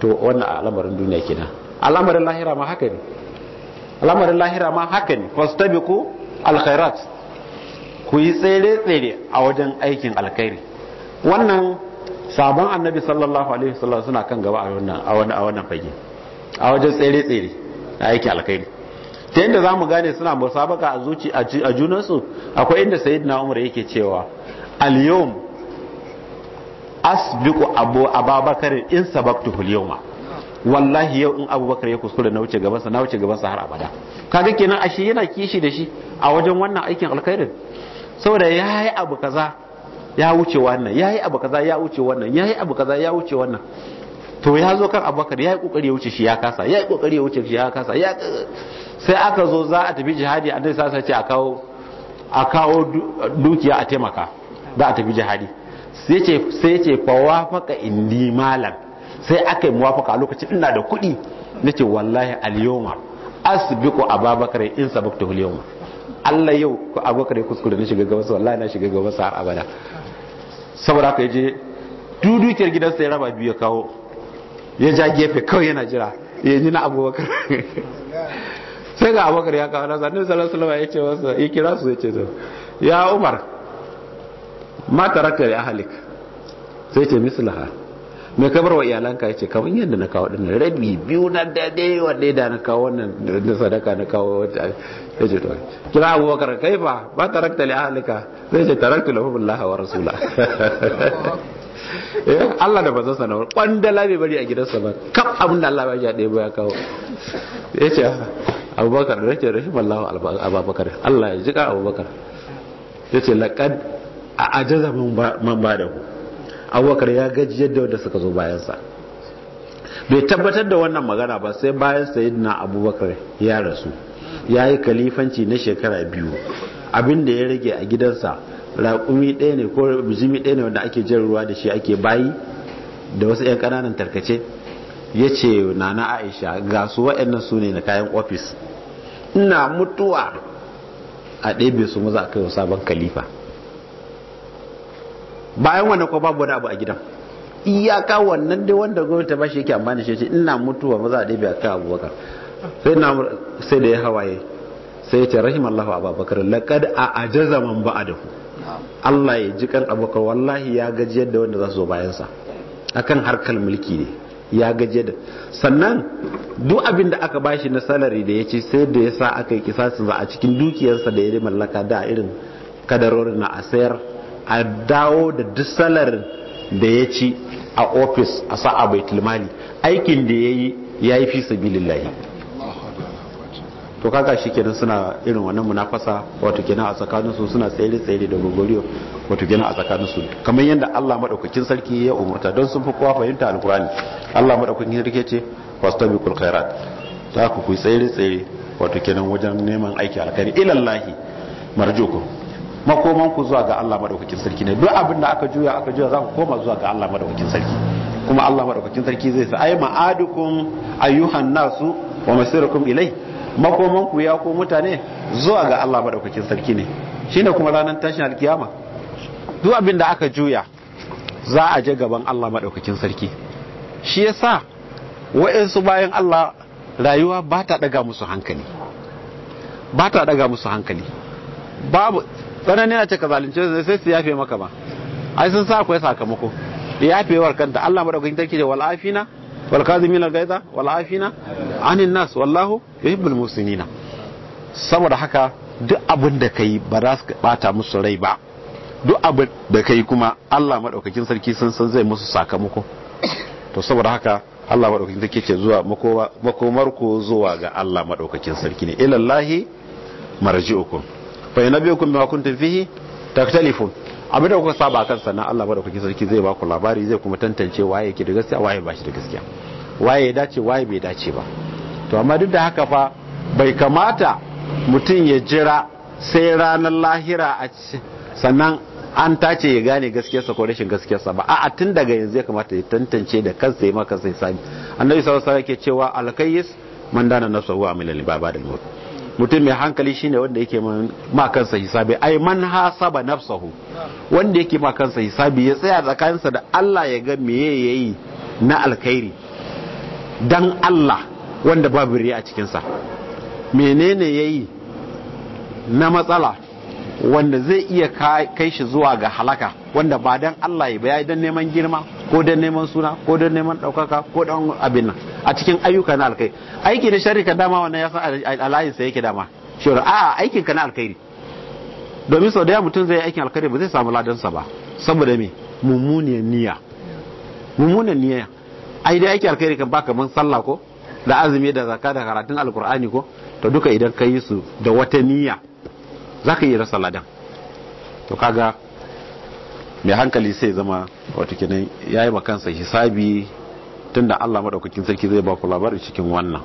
to wannan al'amarin duniya kenan al'amarin lahira ma haka ne al'amarin lahira ma haka ne fastabiqu alkhairat ku yi tsere tsere a wajen aikin alkhairi wannan sabon annabi sallallahu alaihi wasallam suna kan gaba a wannan fage a wajen tsere tsere a aikin alkhairi ta yadda za mu gane suna musabaka a zuci a junansu akwai inda sayyidina umar yake cewa al-yawm asbiqu abu ababakar in sabaqtuhu al-yawma wallahi yau in abubakar ya kuskura na wuce gabansa na wuce gabansa har abada kaga kenan ashe yana kishi da shi a wajen wannan aikin alkhairin saboda ya yi abu kaza ya wuce wannan ya yi abu kaza ya wuce wannan ya yi abu kaza ya wuce wannan to ya zo kan abubakar ya yi kokari ya wuce shi ya kasa ya yi kokari ya wuce shi ya kasa ya sai aka zo za a tafi jihadi annabi sai ce a kawo a kawo dukiya a taimaka za a tafi jihadi sai ce sai ce fawafaka indi malam sai aka yi muwafaka a lokacin ina da kuɗi ce wallahi al-yawma asbiqu ababakar in sabaqtu al-yawma Allah yau ko abubakar ya kuskure na shiga gaba sa wallahi na shiga gaba sa har abada saboda haka je dudukiyar gidansa ya raba biyu ya kawo ya ja gefe kawai yana jira ya ji na abubakar <laughs> sai ga abubakar ya kawo nasa annabi sallallahu alaihi ya ce masa ya kira su ya ce to ya umar ma tarakta li ahalik sai ce mislaha mai kamar wa iyalanka ce kamar yadda na kawo dana rabi biyu na dade wanda da na kawo wannan da sadaka na kawo wata ce tori kira abubakar kai ba ba tarakta li ahlika zai ce taraktu lahu billahi wa rasula <laughs> eh, Allah da bazan sanar kwandala bai bari a gidansa ba kaf abin da Allah ya ɗaya ba ya kawo ce abubakar da ke rashin Allah abubakar Allah ya jika abubakar ce laƙad a ajaza man ba da ku abubakar ya gaji yadda wanda suka zo bayansa bai tabbatar da wannan magana ba sai bayan sayidina abubakar ya rasu ya yi kalifanci na shekara biyu Abinda ya rage a gidansa raƙumi ɗaya ne ko bijimi ɗaya ne wanda ake jan ruwa da shi ake bayi da wasu 'yan ƙananan tarkace ya ce nana aisha ga su waɗannan su ne na kayan ofis ina mutuwa a ɗebe su maza a kai wa sabon kalifa bayan wannan ko babu wani abu a gidan iyaka wannan dai wanda gwamnati ta bashi yake amma ne shi ina mutuwa maza da biya ka abubakar sai na sai da ya hawaye sai ya ce rahimallahu abubakar laqad a ajaza man ba'adahu Allah ya ji kan abubakar wallahi ya gaji yadda wanda za su zo bayan sa akan harkar mulki ne ya gaji yadda. sannan duk abin da aka bashi na salari da ya ce sai da ya sa aka yi kisasin za a cikin dukiyarsa da ya mallaka da irin kadarorin na a sayar a dawo da dusalar da ya ci a ofis a sa'a bai aikin da ya yi ya yi fi sabilillahi to kaga shi kenan suna irin wannan munafasa wato kenan a tsakanin su suna tsere tsere da gogoriyo wato kenan a tsakanin su kamar yadda Allah madaukakin sarki ya umurta don sun fi kowa fahimta alqur'ani Allah madaukakin sarki ce fastabiqul khairat ta ku ku tsere tsere wato kenan wajen neman aiki alkhairi ilallahi marjukum makoman ku zuwa ga Allah madaukakin sarki ne duk abin da aka juya aka juya za ku koma zuwa ga Allah madaukakin sarki kuma Allah madaukakin sarki zai sa ay ma'adukum ayyuhan nasu wa masirukum ilai makoman ku ya ko mutane zuwa ga Allah madaukakin sarki ne shine kuma ranar tashin alkiyama duk abin da aka juya za a je gaban Allah madaukakin sarki shi yasa wa'ansu bayan Allah rayuwa ba ta daga musu hankali ba ta daga musu hankali babu tsananin a ce ka zalunce sai su yafe maka ba ai sun sa akwai sakamako yafewar kanta Allah madaukakin sarki da wal'afina afina wal kazimin al gaiza wal afina anin nas wallahu yuhibbul muslimina saboda haka duk abin da kai ba za su bata musu rai ba duk abin da kai kuma Allah madaukakin sarki sun san zai musu sakamako to saboda haka Allah madaukakin sarki ce zuwa makomar zuwa ga Allah madaukakin sarki ne ilallahi marji'ukum fa yanabiyukum bima kuntum fihi taktalifun abin da kuka saba kan sannan Allah kuke sarki zai ba ku labari zai kuma tantance waye yake da gaskiya waye ba shi da gaskiya waye ya dace waye bai dace ba to amma duk da haka fa bai kamata mutum ya jira sai ranar lahira a sannan an tace ya gane gaskiyarsa ko rashin gaskiyarsa ba a'a tun daga yanzu ya kamata ya tantance da kansa ya maka sai sani annabi sallallahu alaihi wasallam yake cewa alkayyis man dana nafsahu amila libaba da mutum mai hankali shine wanda yake ma kansa hisabi ai man hasaba nafsahu wanda yake ma hisabi ya tsaya tsakaninsa da Allah ya ga meye yayi na alkhairi dan Allah wanda babu riya a cikin sa menene yayi na matsala wanda zai iya kai shi zuwa ga halaka wanda ba dan Allah ya bayani don neman girma ko don neman suna ko don neman ɗaukaka ko don abin a cikin ayyuka na alkai aiki da sharri ka dama wannan ya san alayin sa yake dama shi a aikin ka na alkhairi domin sau da ya mutum zai aikin alkhairi ba zai samu ladansa ba saboda me mummuniyar niyya mummunan niyya ai da aikin alkhairi kan ba man sallah ko da azumi da zakka da karatun alkur'ani ko to duka idan ka yi su da wata niyya za ka iya rasa ladan to kaga mai hankali sai zama wato kenan ya yi makansa hisabi tunda allah maɗaukakin sarki zai ba ku labarin cikin wannan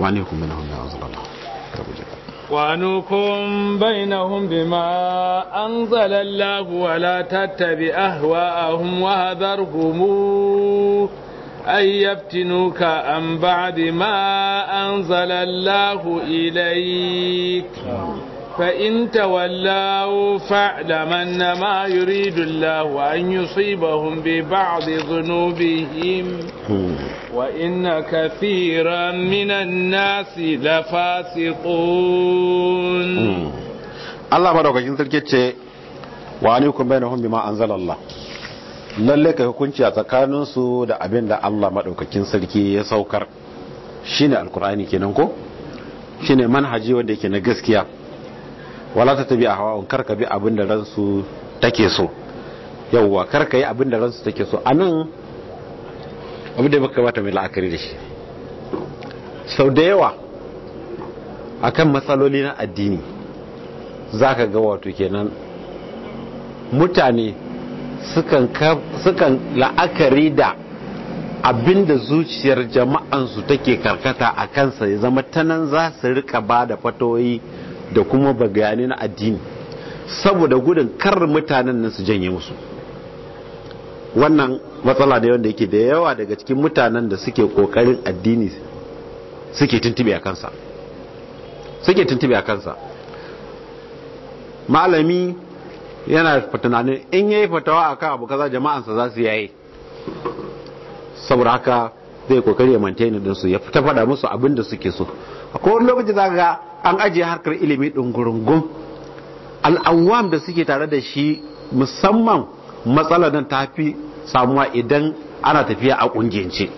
wani hukumina hannun azalala ta guje وأنكم بينهم بما أنزل الله ولا تتبع أهواءهم وهذرهم أن يفتنوك عن بعد ما أنزل الله إليك فإن تولوا فاعلم أنما يريد الله أن يصيبهم ببعض ذنوبهم وإن كثيرا من الناس لفاسقون الله مدوكين تلكيتش وعنيكم بينهم بما أنزل الله lalle ka hukunci a su da abin da Allah maɗaukakin sarki ya saukar shine alkur'ani kenan ko shine manhaji wanda yake na gaskiya wala ta tabi a hawa'un karka bi abin da ransu take so yauwa karka yi abin da ransu take so anan abin da baka bata mai la'akari da shi sau da yawa akan matsaloli na addini zaka ga wato kenan mutane sukan la'akari da abin da zuciyar jama'ansu take karkata a kansa ya zama tanan za su rika ba da fatoyi da kuma bagani na addini saboda gudun kar mutanen nan su janye musu wannan matsala ne wanda yake da yawa daga cikin mutanen da suke kokarin addini suke tuntube a kansa suke tuntube a kansa malami yana tunanin in ya yi fatawa akan abu kaza jama'ansa za su yayi saboda haka zai kokari ya maintain din su ya fita faɗa musu abin da suke so a kowane lokaci za ga an ajiye harkar ilimi din gurungun al'awam da suke tare da shi musamman matsalar nan ta fi samuwa idan ana tafiya a kungiyance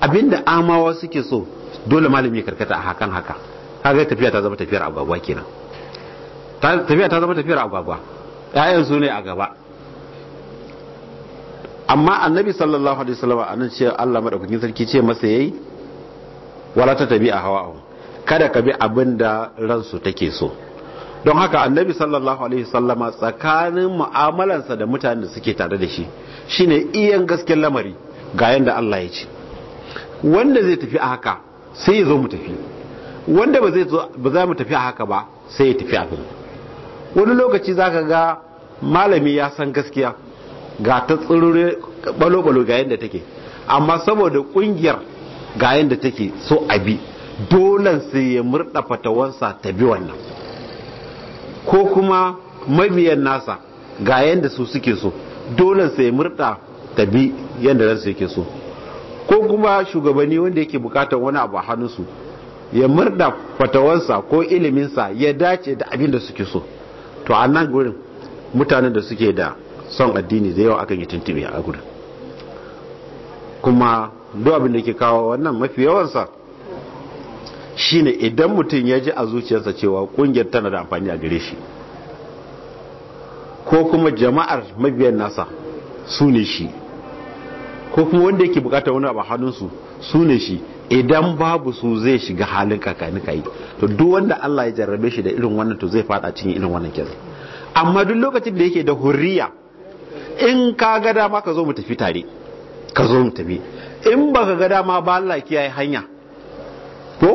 abinda amawa suke so dole malami karkata a hakan haka kaga tafiya ta zama tafiyar abubuwa kenan tafiya ta zama tafiyar agwagwa ƴaƴan su ne a gaba amma annabi sallallahu alaihi wasallam nan ce Allah madaukakin sarki ce masa yayi wala ta tabi'a hawa'u kada ka bi abinda ransu take so don haka annabi sallallahu alaihi wasallam tsakanin mu'amalansa da mutanen da suke tare da shi shine iyan gasken lamari ga yanda Allah ya ce wanda zai tafi a haka sai ya zo mu tafi wanda ba zai zo ba za mu tafi a haka ba sai ya tafi a haka. wani lokaci za ka ga malami ya san gaskiya ga ta tsirure balo-balo ga yadda take amma saboda kungiyar ga yadda take so abi dolan sai ya murda fatawansa ta bi wannan ko kuma mabiyan nasa ga yadda su suke so dolan sai ya murda ta bi yadda ransu yake so ko kuma shugabanni wanda yake bukatar wani abu a hannunsu ya murda fatawansa ko iliminsa ya dace da abin da suke so to a nan gurin mutanen da suke da son addini da yawa akan yi tuntube a gurin kuma duk abin da ke kawo wannan mafi yawansa shine idan mutum ya ji a zuciyarsa cewa kungiyar tana da amfani a gare shi ko kuma jama'ar mabiyan nasa su ne shi ko kuma wanda yake bukatar wani abu hannunsu su ne shi idan babu su zai shiga halin kakanika yi to duk wanda Allah ya jarrabe shi da irin wannan to zai fada cikin irin wannan kisa amma duk lokacin da yake da hurriya in ka ga dama ka zo mu tafi tare ka zo mu tafi in baka ga dama ba Allah kiyaye hanya ko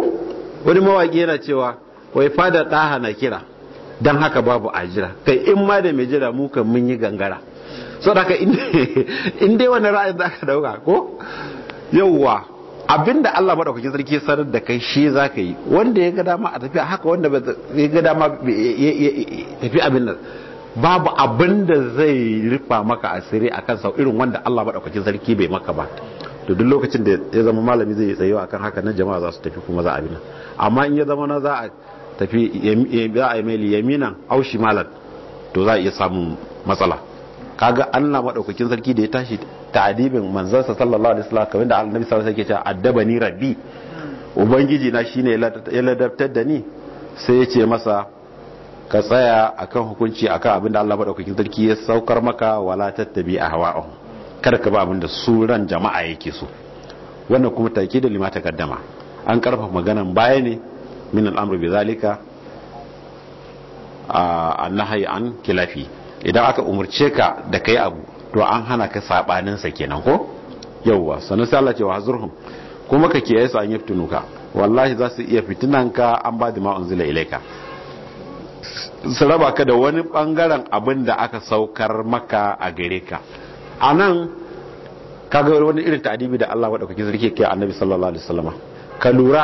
wani mawaki yana cewa wai fada ɗaha na kira don haka babu ajira kai in ma da mai jira mu kan mun yi gangara so da <laughs> in dai wani ra'ayin za ka dauka ko yauwa abinda Allah madaukakin sarki ya sanar da kai shi za ka yi wanda ya ga dama a tafiya haka wanda ya ga dama tafi abin nan babu abinda zai rufa maka asiri akan sau irin wanda Allah madaukakin sarki bai maka ba to duk lokacin da ya zama malami zai tsaye a kan haka nan jama'a za su tafi kuma za a bi nan amma in ya zama na za a tafi za a yi mai yaminan aushi malam to za a iya samun matsala kaga Allah madaukakin sarki da ya tashi ta'adibin manzansa sallallahu alaihi wasallam kamar da annabi sallallahu alaihi wasallam cewa addabani rabbi ubangiji na shine ya ladabtar da ni sai ya ce masa ka tsaya akan hukunci akan abinda da Allah madaukakin sarki ya saukar maka wala tattabi ahwa'ahum kar ka ba abin da suran jama'a yake so wannan kuma take da limata kaddama an karfafa maganan baya ne min al'amru bi zalika a nahayi an kilafi idan aka umarce ka da kai abu to an hana ka sabanin sa kenan ko yauwa sanu sai Allah ce wa hazurhum kuma ka yi sa an fitunuka wallahi za su iya fitinanka an ba da ma'un zila ilaika su raba ka da wani bangaren abin da aka saukar maka a gare ka a nan kaga wani irin ta'adibi da Allah wadda kake zirke kai annabi sallallahu alaihi wasallam ka lura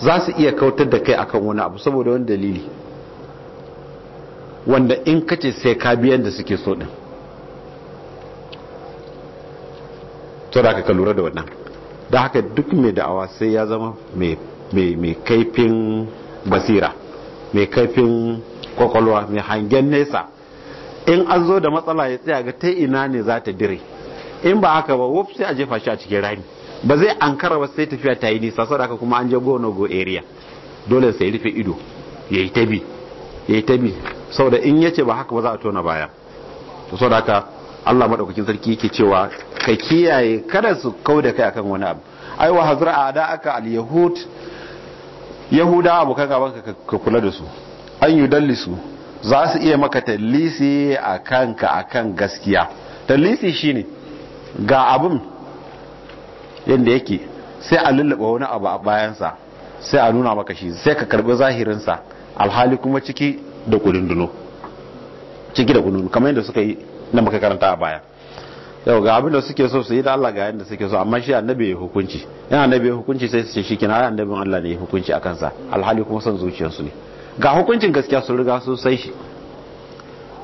za su iya kautar da kai akan wani abu saboda wani dalili wanda in kace sai ka biyan da suke so din to da ka lura da wannan da haka duk mai da'awa sai ya zama mai kaifin basira mai kaifin kwakwalwa mai hangen nesa in an zo da matsala ya tsaya ga ta ina ne za ta dire in ba haka ba wuf sai a jefa shi a cikin rami ba zai ankara ba sai tafiya ta yi nisa haka kuma an je gono go area dole sai rufe ido yayi yi ta bi ya yi ta saboda in ya ce ba haka ba za a tona baya to saboda haka Allah maɗaukakin sarki yake cewa ka kiyaye kada su kau da kai akan wani abu ai wa a da aka al yahud yahuda abokan gaban ka ka kula da su an yudallisu za su iya maka tallisi akan a kan gaskiya tallisi shine ga abun yadda yake sai a lullaba wani abu a bayansa sai a nuna maka shi sai ka karbi zahirinsa alhali kuma ciki da kudundunu ciki da kudundunu kamar yadda suka yi na muka a baya yau ga abin da suke so su yi da Allah ga yadda suke so amma shi annabi ya hukunci yana annabi ya hukunci sai su ce shi kina annabin Allah ne ya hukunci a kansa alhali kuma son zuciyarsu ne ga hukuncin gaskiya sun riga sun sai shi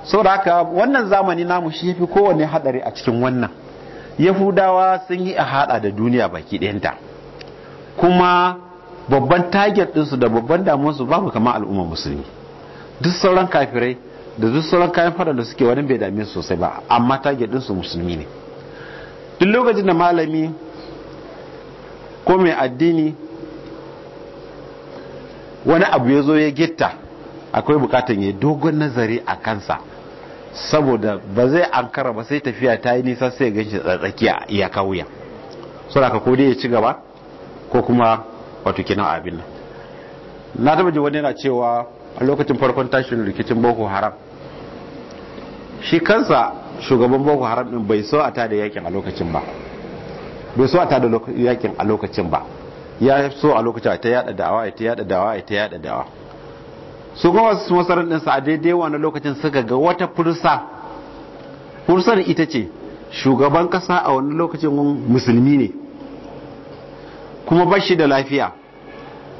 saboda haka wannan zamani namu shi yafi kowanne hadari a cikin wannan yahudawa sun yi a hada da duniya baki ɗayanta kuma babban target ɗinsu da babban damuwarsu babu kama al'ummar musulmi duk sauran kafirai da duk sauran kayan fada da suke wani bai dame sosai ba amma target ɗinsu musulmi ne duk lokacin da malami ko mai addini wani abu ya zo ya gitta akwai bukatan ya dogon nazari a kansa saboda ba zai ankara ba sai tafiya ta yi nisa sai ya ganshi tsatsakiya iya kawuya saboda ka dai ya ci gaba ko kuma wato kenan abin nan na taba ji wani yana cewa a lokacin farkon tashin rikicin boko haram shi kansa shugaban boko haram din bai so a tada yakin a lokacin ba bai so a tada yakin a lokacin ba ya so a lokacin ta yada dawa ta yada dawa ta yada dawa su kuma wasu masarar sa a daidai wani lokacin suka ga wata fursa fursar ita ce shugaban kasa a wani lokacin musulmi ne kuma bashi da lafiya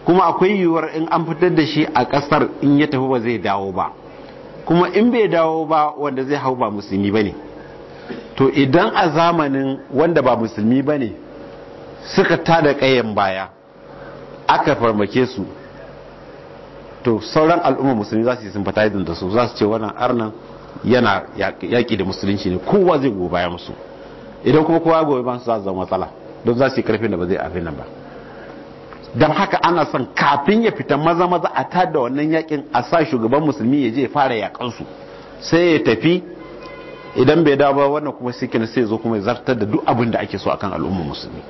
kuma akwai yiwuwar in an fitar da shi a kasar in ya tafi ba zai dawo ba kuma in bai dawo ba wanda zai hau ba musulmi ba ne to idan a zamanin wanda ba musulmi ba ne suka tada kayan baya aka farmake su to sauran al'umma musulmi za su yi idan da su za su ce wannan arnan yana yaƙi da musulunci ne kowa zai goyi baya musu idan kuma kowa gobe ba su za su zama matsala don za su yi karfin da ba zai abin nan ba don haka ana son kafin ya fita maza maza a tada wannan yakin a sa shugaban musulmi ya je fara yakansu sai ya tafi idan bai dawo ba wannan kuma sikin sai zo kuma ya zartar da duk abin da ake so akan al'ummar musulmi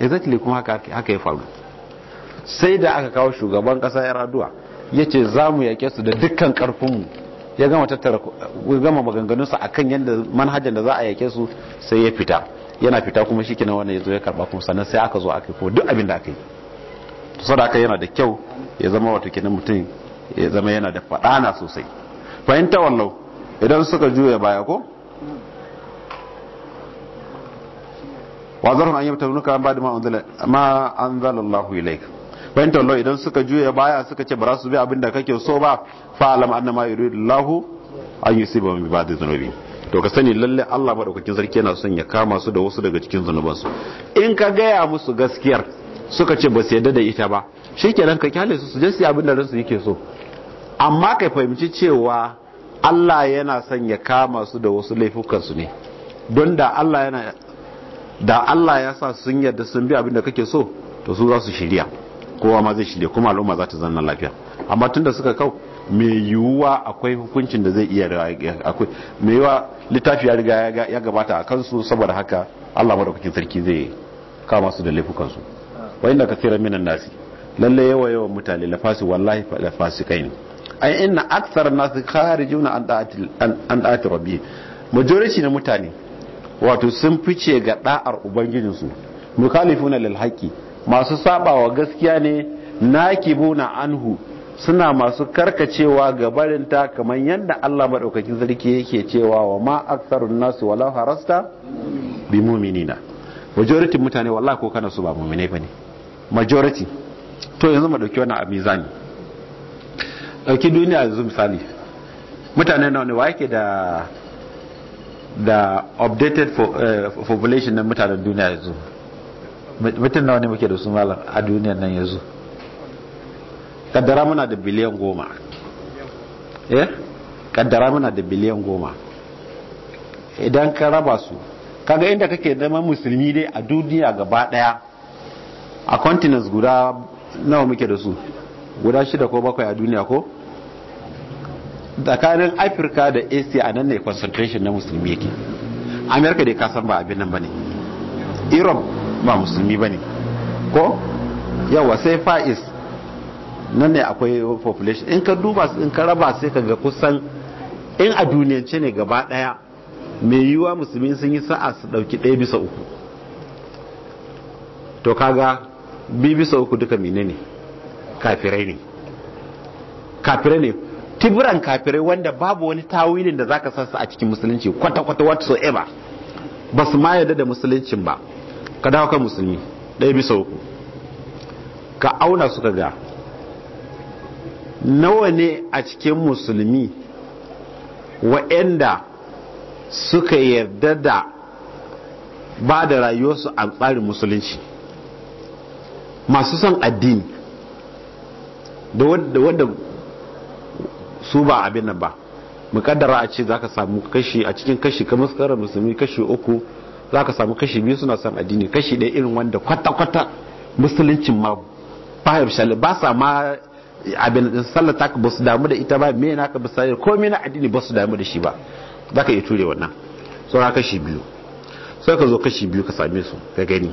exactly kuma haka haka ya faru sai da aka kawo shugaban kasa ya raduwa ya ce za mu yake su da dukkan karfinmu ya gama tattara gama maganganunsa akan yadda manhajar da za a yake su sai ya fita yana fita kuma shi wannan ya zo ya karba kuma sannan sai aka zo aka yi ko duk abin da aka yi to sadaka yana da kyau ya zama wato kenan mutum ya zama yana da fadana sosai fahimta wallau idan suka juya baya ko wa zarhun an yabta nuka an bada ma an ma anzala Allahu laika fahimta wallau idan suka juya baya suka ce ba su bi abinda kake so ba fa alam annama yuridu Allahu an yusiba bi ba'd dhunubi to ka sani lalle Allah madaukakin sarki yana son ya kama su da wasu daga cikin zunubansu in ka gaya musu gaskiyar suka ce ba su yadda da ita ba shi kenan ka kyale su su je su abin da ransu yake so amma ka fahimci cewa Allah yana son ya kama su da wasu laifukan su ne don da Allah yana da Allah ya sa sun yarda sun bi abin da kake so to su za su shirya kowa ma zai shirya kuma al'umma za ta zanna lafiya amma tunda suka kau me yiwuwa akwai hukuncin da zai iya akwai Me yiwuwa littafi ya riga ya gabata a kansu saboda haka Allah madaukakin sarki zai kama su da laifukansu wa inna kathira minan nasi lalle yawa yawa mutane la fasi wallahi la kai ne ai inna akthar nas kharijuna an da'ati an da'ati rabbi majority na mutane wato sun fice ga da'ar ubangijinsu mukhalifuna lil haqqi masu sabawa gaskiya ne nakibuna anhu suna masu karkacewa ga barinta kamar yadda Allah madaukakin sarki yake cewa wa ma aksarun nasu wala harasta bi muminina majority mutane wallahi ko kana su ba muminai bane majority to yanzu ma dauki wannan abin zani dauki duniya yanzu misali mutane nawa ne wa yake da da updated eh, population na mutanen duniya yanzu mutum nawa ne muke da su malam a duniyan nan yanzu kaddara muna da biliyan goma eh kaddara muna da biliyan goma idan ka raba su kaga inda kake zama musulmi dai a duniya gaba daya a continents guda nawa muke da su guda shida ko bakwai a duniya ko tsakanin afirka da asia a nan ne concentration na musulmi yake amerika dai kasan ba abin nan ba ne europe ba musulmi ba ne ko yawa sai fa'is nan ne akwai population in ka duba in ka raba sai ka ga kusan in a duniyance ne gaba daya mai yiwuwa musulmi sun yi sa'a su dauki ɗaya bisa uku to kaga bi bisa uku duka menene kafirai ne kafirai ne tiburan kafirai wanda babu wani tawilin da zaka sassa a cikin musulunci kwata kwata whatsoever ba su ma yadda da musuluncin ba ka dawo kan musulmi ɗaya bisa uku ka auna suka ga nawa ne a cikin musulmi wa'anda suka yarda da ba da rayuwarsu a tsarin musulunci masu son addini da wadda su ba abin nan ba mukaddara a ce zaka samu kashi a cikin kashi kamar tsara musulmi kashi uku zaka samu kashi biyu suna son addini kashi ɗaya irin wanda kwata-kwata musuluncin ma ba ba sa ma abin da sallar taka ba su damu da ita ba me na ka ba ko me na addini ba su damu da shi ba zaka iya ture wannan saura kashi biyu sai ka zo kashi biyu ka same su ka gani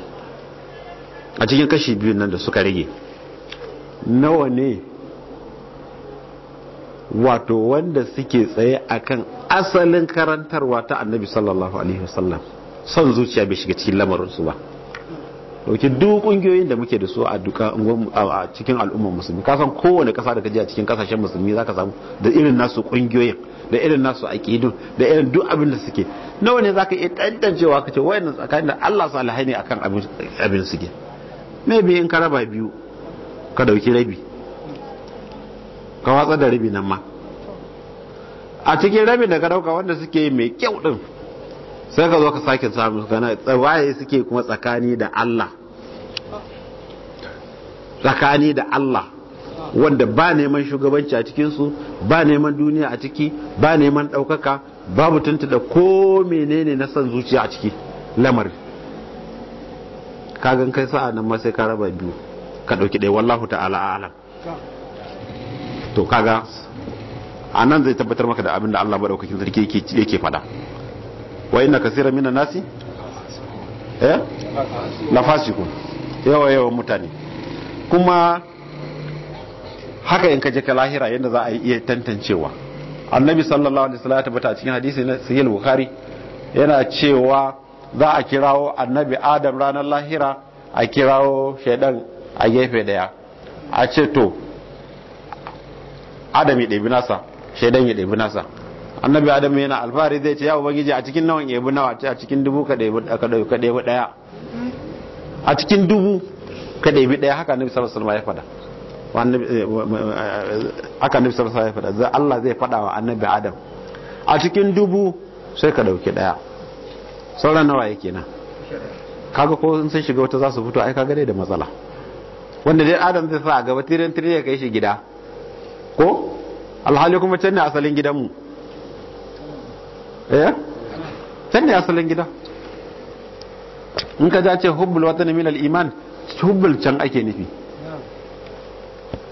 a cikin kashi biyu nan da suka rage nawa ne wato wanda suke tsaye a kan asalin karantarwa ta annabi sallallahu alaihi wasallam son zuciya bai shiga cikin lamarinsu ba dauki duk kungiyoyin da muke da su a duka a cikin al'ummar musulmi kasan kowane kasa da ka je a cikin kasashen musulmi zaka samu da irin nasu kungiyoyin da irin nasu aqidun da irin duk abin da suke nawa ne zaka iya tantancewa ce wayannan tsakanin Allah salihai ne akan abin abin suke maybe in ka raba biyu ka dauki rabi ka watsa da rabi nan ma a cikin rabin da ka dauka wanda suke mai kyau din sai ka zo ka sake samu gana tsawaye suke kuma tsakani da Allah tsakani da Allah wanda ba neman shugabanci a cikinsu ba neman duniya a ciki ba neman ɗaukaka babu da ko menene na son zuciya a ciki lamarin kagan kai sa'a nan ma sai ka raba biyu ka ɗauki ɗaya wallahu ta'ala alam to kaga a nan zai tabbatar maka da abin da Allah maɗaukakin sarki yake faɗa wa inna kasira minan nasi eh la fasikun yawa yawa mutane kuma haka in ka je ka lahira yadda za a iya tantancewa annabi sallallahu alaihi wasallam ya tabbata a cikin hadisi na sahih bukhari yana cewa za a kirawo annabi adam ranar lahira a kirawo shaidan a gefe daya a ce to adam ya ɗabi nasa shaidan ya ɗabi nasa annabi adam yana alfahari zai ce ya ubangiji a cikin nawan yabi nawa a cikin dubu ka ɗabi a cikin dubu ka ɗabi ɗaya haka annabi sallallahu alaihi ya faɗa aka nufi sarsa ya faɗa Allah zai fada wa annabi adam a cikin dubu sai ka ɗauki ɗaya sauran nawa yake nan kaga ko in sun shiga wata za su fito ai kaga dai da matsala wanda dai adam zai sa a gaba tirin tirin ya kai shi gida ko alhali kuma can ne asalin gidanmu eh can ne asalin gida in ka ja ce hubbul watan min al-iman hubbul can ake nufi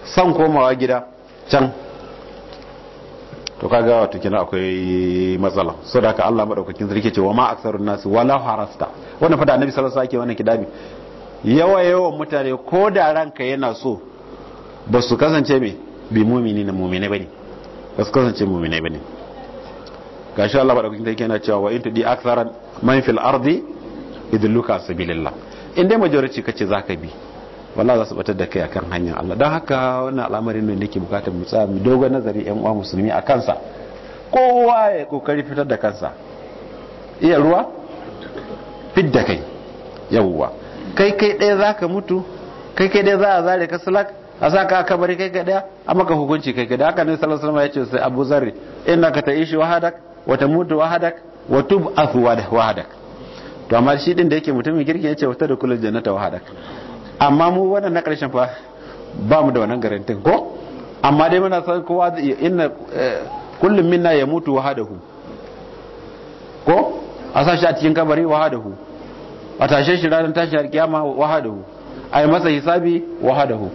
san komawa gida can to kaga wato kina akwai matsala saboda haka Allah madaukakin sarki ce wa ma aksarun nasi wala harasta wannan fada annabi sallallahu alaihi wasallam yake wannan kidabi yawa yawa mutane ko da ranka yana so ba su kasance me bi mumini na mu'mini bane ba su kasance mu'mini bane shi Allah madaukakin sarki yana cewa wa in tudi aksaran man fil ardi idluka sabilillah in dai majority kace zaka bi wallahi za su batar da kai akan hanyar Allah don haka wannan al'amarin ne nake bukatar mu tsaya mu dogon nazari yan uwa musulmi a kansa kowa ya kokari fitar da kansa iya ruwa fit da kai yawwa kai kai ɗaya za ka mutu kai kai ɗaya za a zare ka salak a sa ka kabari kai kai ɗaya a maka hukunci kai kai da haka ne sallallahu alaihi ya ce sai Abu Zarri ka ta'ishi wahadak wa tamutu wahadak wa tub'athu wahadak to amma shi din da yake mutumin kirki ce wata da kullu jannata wahadak amma mu wannan na ƙarshen fa ba mu da wannan garantin ko amma dai muna san kowa inna eh, kullum minna ya mutu wahadahu ko a sa shi a cikin kabari wahadahu a tashe shi ranar tashin kiyama wahadahu a yi masa hisabi wahadahu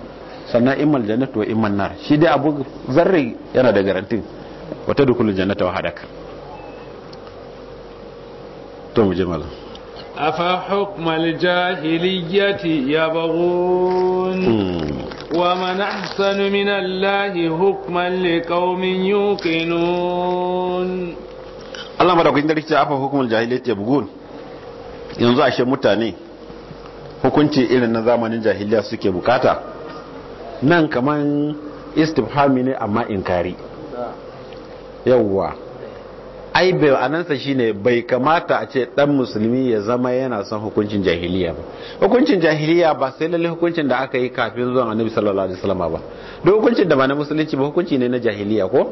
sannan imal jannatu wa immal nar shi dai abu zarri yana da garantin wata dukulul jannata wahadak to mu je malam أفحكم الجاهلية يبغون ومن أحسن من الله حكما لقوم يوقنون Allah madaukakin da rikici afa hukumar jahiliya bugun yanzu ashe mutane hukunci irin na zamanin jahiliya suke bukata nan kaman istifhami ne amma inkari yawwa ai bai anansa shine bai kamata a ce dan musulmi ya zama yana son hukuncin jahiliya ba hukuncin jahiliya ba sai lalle hukuncin da aka yi kafin zuwan annabi sallallahu alaihi wasallam ba duk hukuncin da ba na musulunci ba hukunci ne na jahiliya ko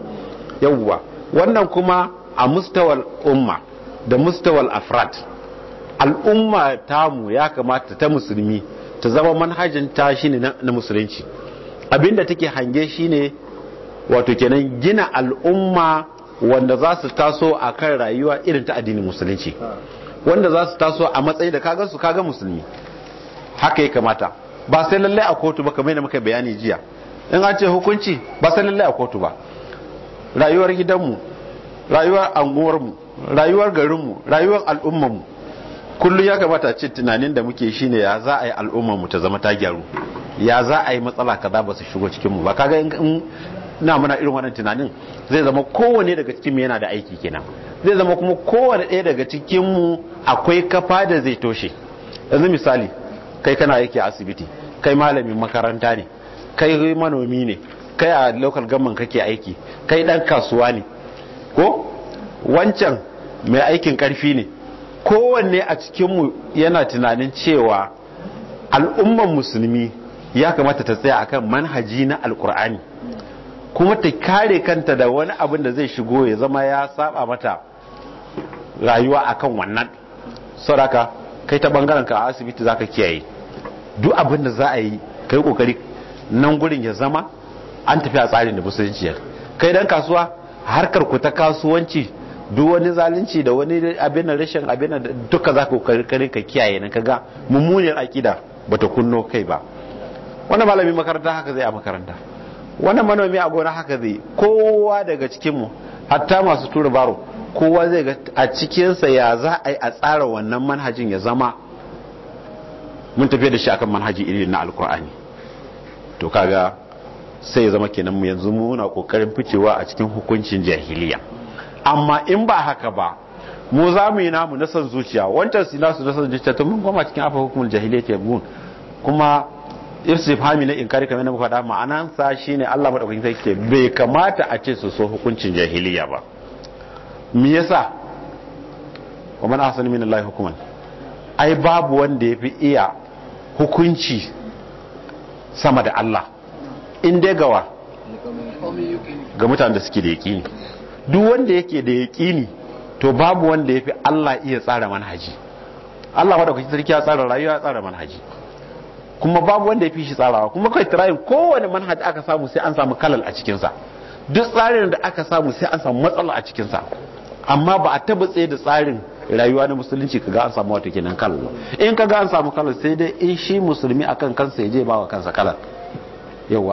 yawwa wannan kuma a mustawal umma da mustawal afrad al'umma tamu ya kamata ta musulmi ta zama manhajin ta shine na musulunci abinda take hange shine wato kenan gina al'umma wanda za su taso a kan rayuwa irin ta addinin musulunci wanda za su taso a matsayi da kaga su kaga musulmi haka ya kamata ba sai lallai a kotu ba kamar da muka bayani jiya in an ce hukunci ba sai lallai a kotu ba rayuwar gidanmu rayuwar anguwarmu rayuwar garinmu rayuwar al'ummarmu kullum ya kamata ce tunanin da muke shi ne ya za a yi al'ummarmu ta zama ta gyaru ya za a yi matsala kaza ba su shigo cikin mu ba kaga na muna irin wannan tunanin zai zama kowane daga cikin yana da aiki kenan zai zama kuma kowane ɗaya daga cikin mu akwai kafa da zai toshe yanzu misali kai kana aiki a asibiti kai malamin makaranta ne kai manomi ne kai a local government kake aiki kai dan kasuwa ne ko wancan mai aikin karfi ne kowanne a cikinmu yana tunanin cewa al'umman musulmi ya kamata ta tsaya akan manhaji na alkur'ani kuma ta kare kanta da wani abin da zai shigo ya zama ya saba mata rayuwa a kan wannan saraka kai ta bangaren ka a asibiti zaka kiyaye duk abin da za a yi kai kokari nan gurin ya zama an tafi a tsarin da musulunci kai dan kasuwa harkar ku ta kasuwanci duk wani zalunci da wani abin da rashin abin da duka zaka kokari ka kiyaye nan kaga mummunar akida bata kunno kai ba wannan malamin makaranta haka zai a makaranta wannan manomi a gona haka zai kowa daga cikinmu hatta masu tura baro kowa zai ga a cikinsa ya za a yi a tsara wannan manhajin ya zama mun tafiya da shi akan manhaji iri na alkur'ani to kaga sai ya zama kenan mu yanzu muna kokarin ficewa a cikin hukuncin jahiliya amma in ba haka ba mu za mu yi namu na son zuciya wancan su nasu na son zuciya to mun goma cikin afa hukumul jahiliya ke kuma istifhami na inkari kamar na faɗa ma'anan sa shine Allah madaukakin sai ke bai kamata a ce su so hukuncin jahiliya ba me yasa wa man ahsanu min Allah hukuman ai babu wanda yafi iya hukunci sama da Allah in dai gawa ga mutanen da suke da yaqini duk wanda yake da yaqini to babu wanda yafi Allah iya tsara manhaji Allah madaukakin sarki ya tsara rayuwa ya tsara manhaji kuma babu wanda ya fi shi tsarawa kuma kai tirayin kowane manhaj aka samu sai an samu kalal a cikinsa duk tsarin da aka samu sai an samu matsala a cikinsa amma ba a taba tsaye da tsarin rayuwa na musulunci kaga an samu wata kenan kalal in ka ga an samu kalal sai dai in shi musulmi akan kansa ya je ba wa kansa kalal yawa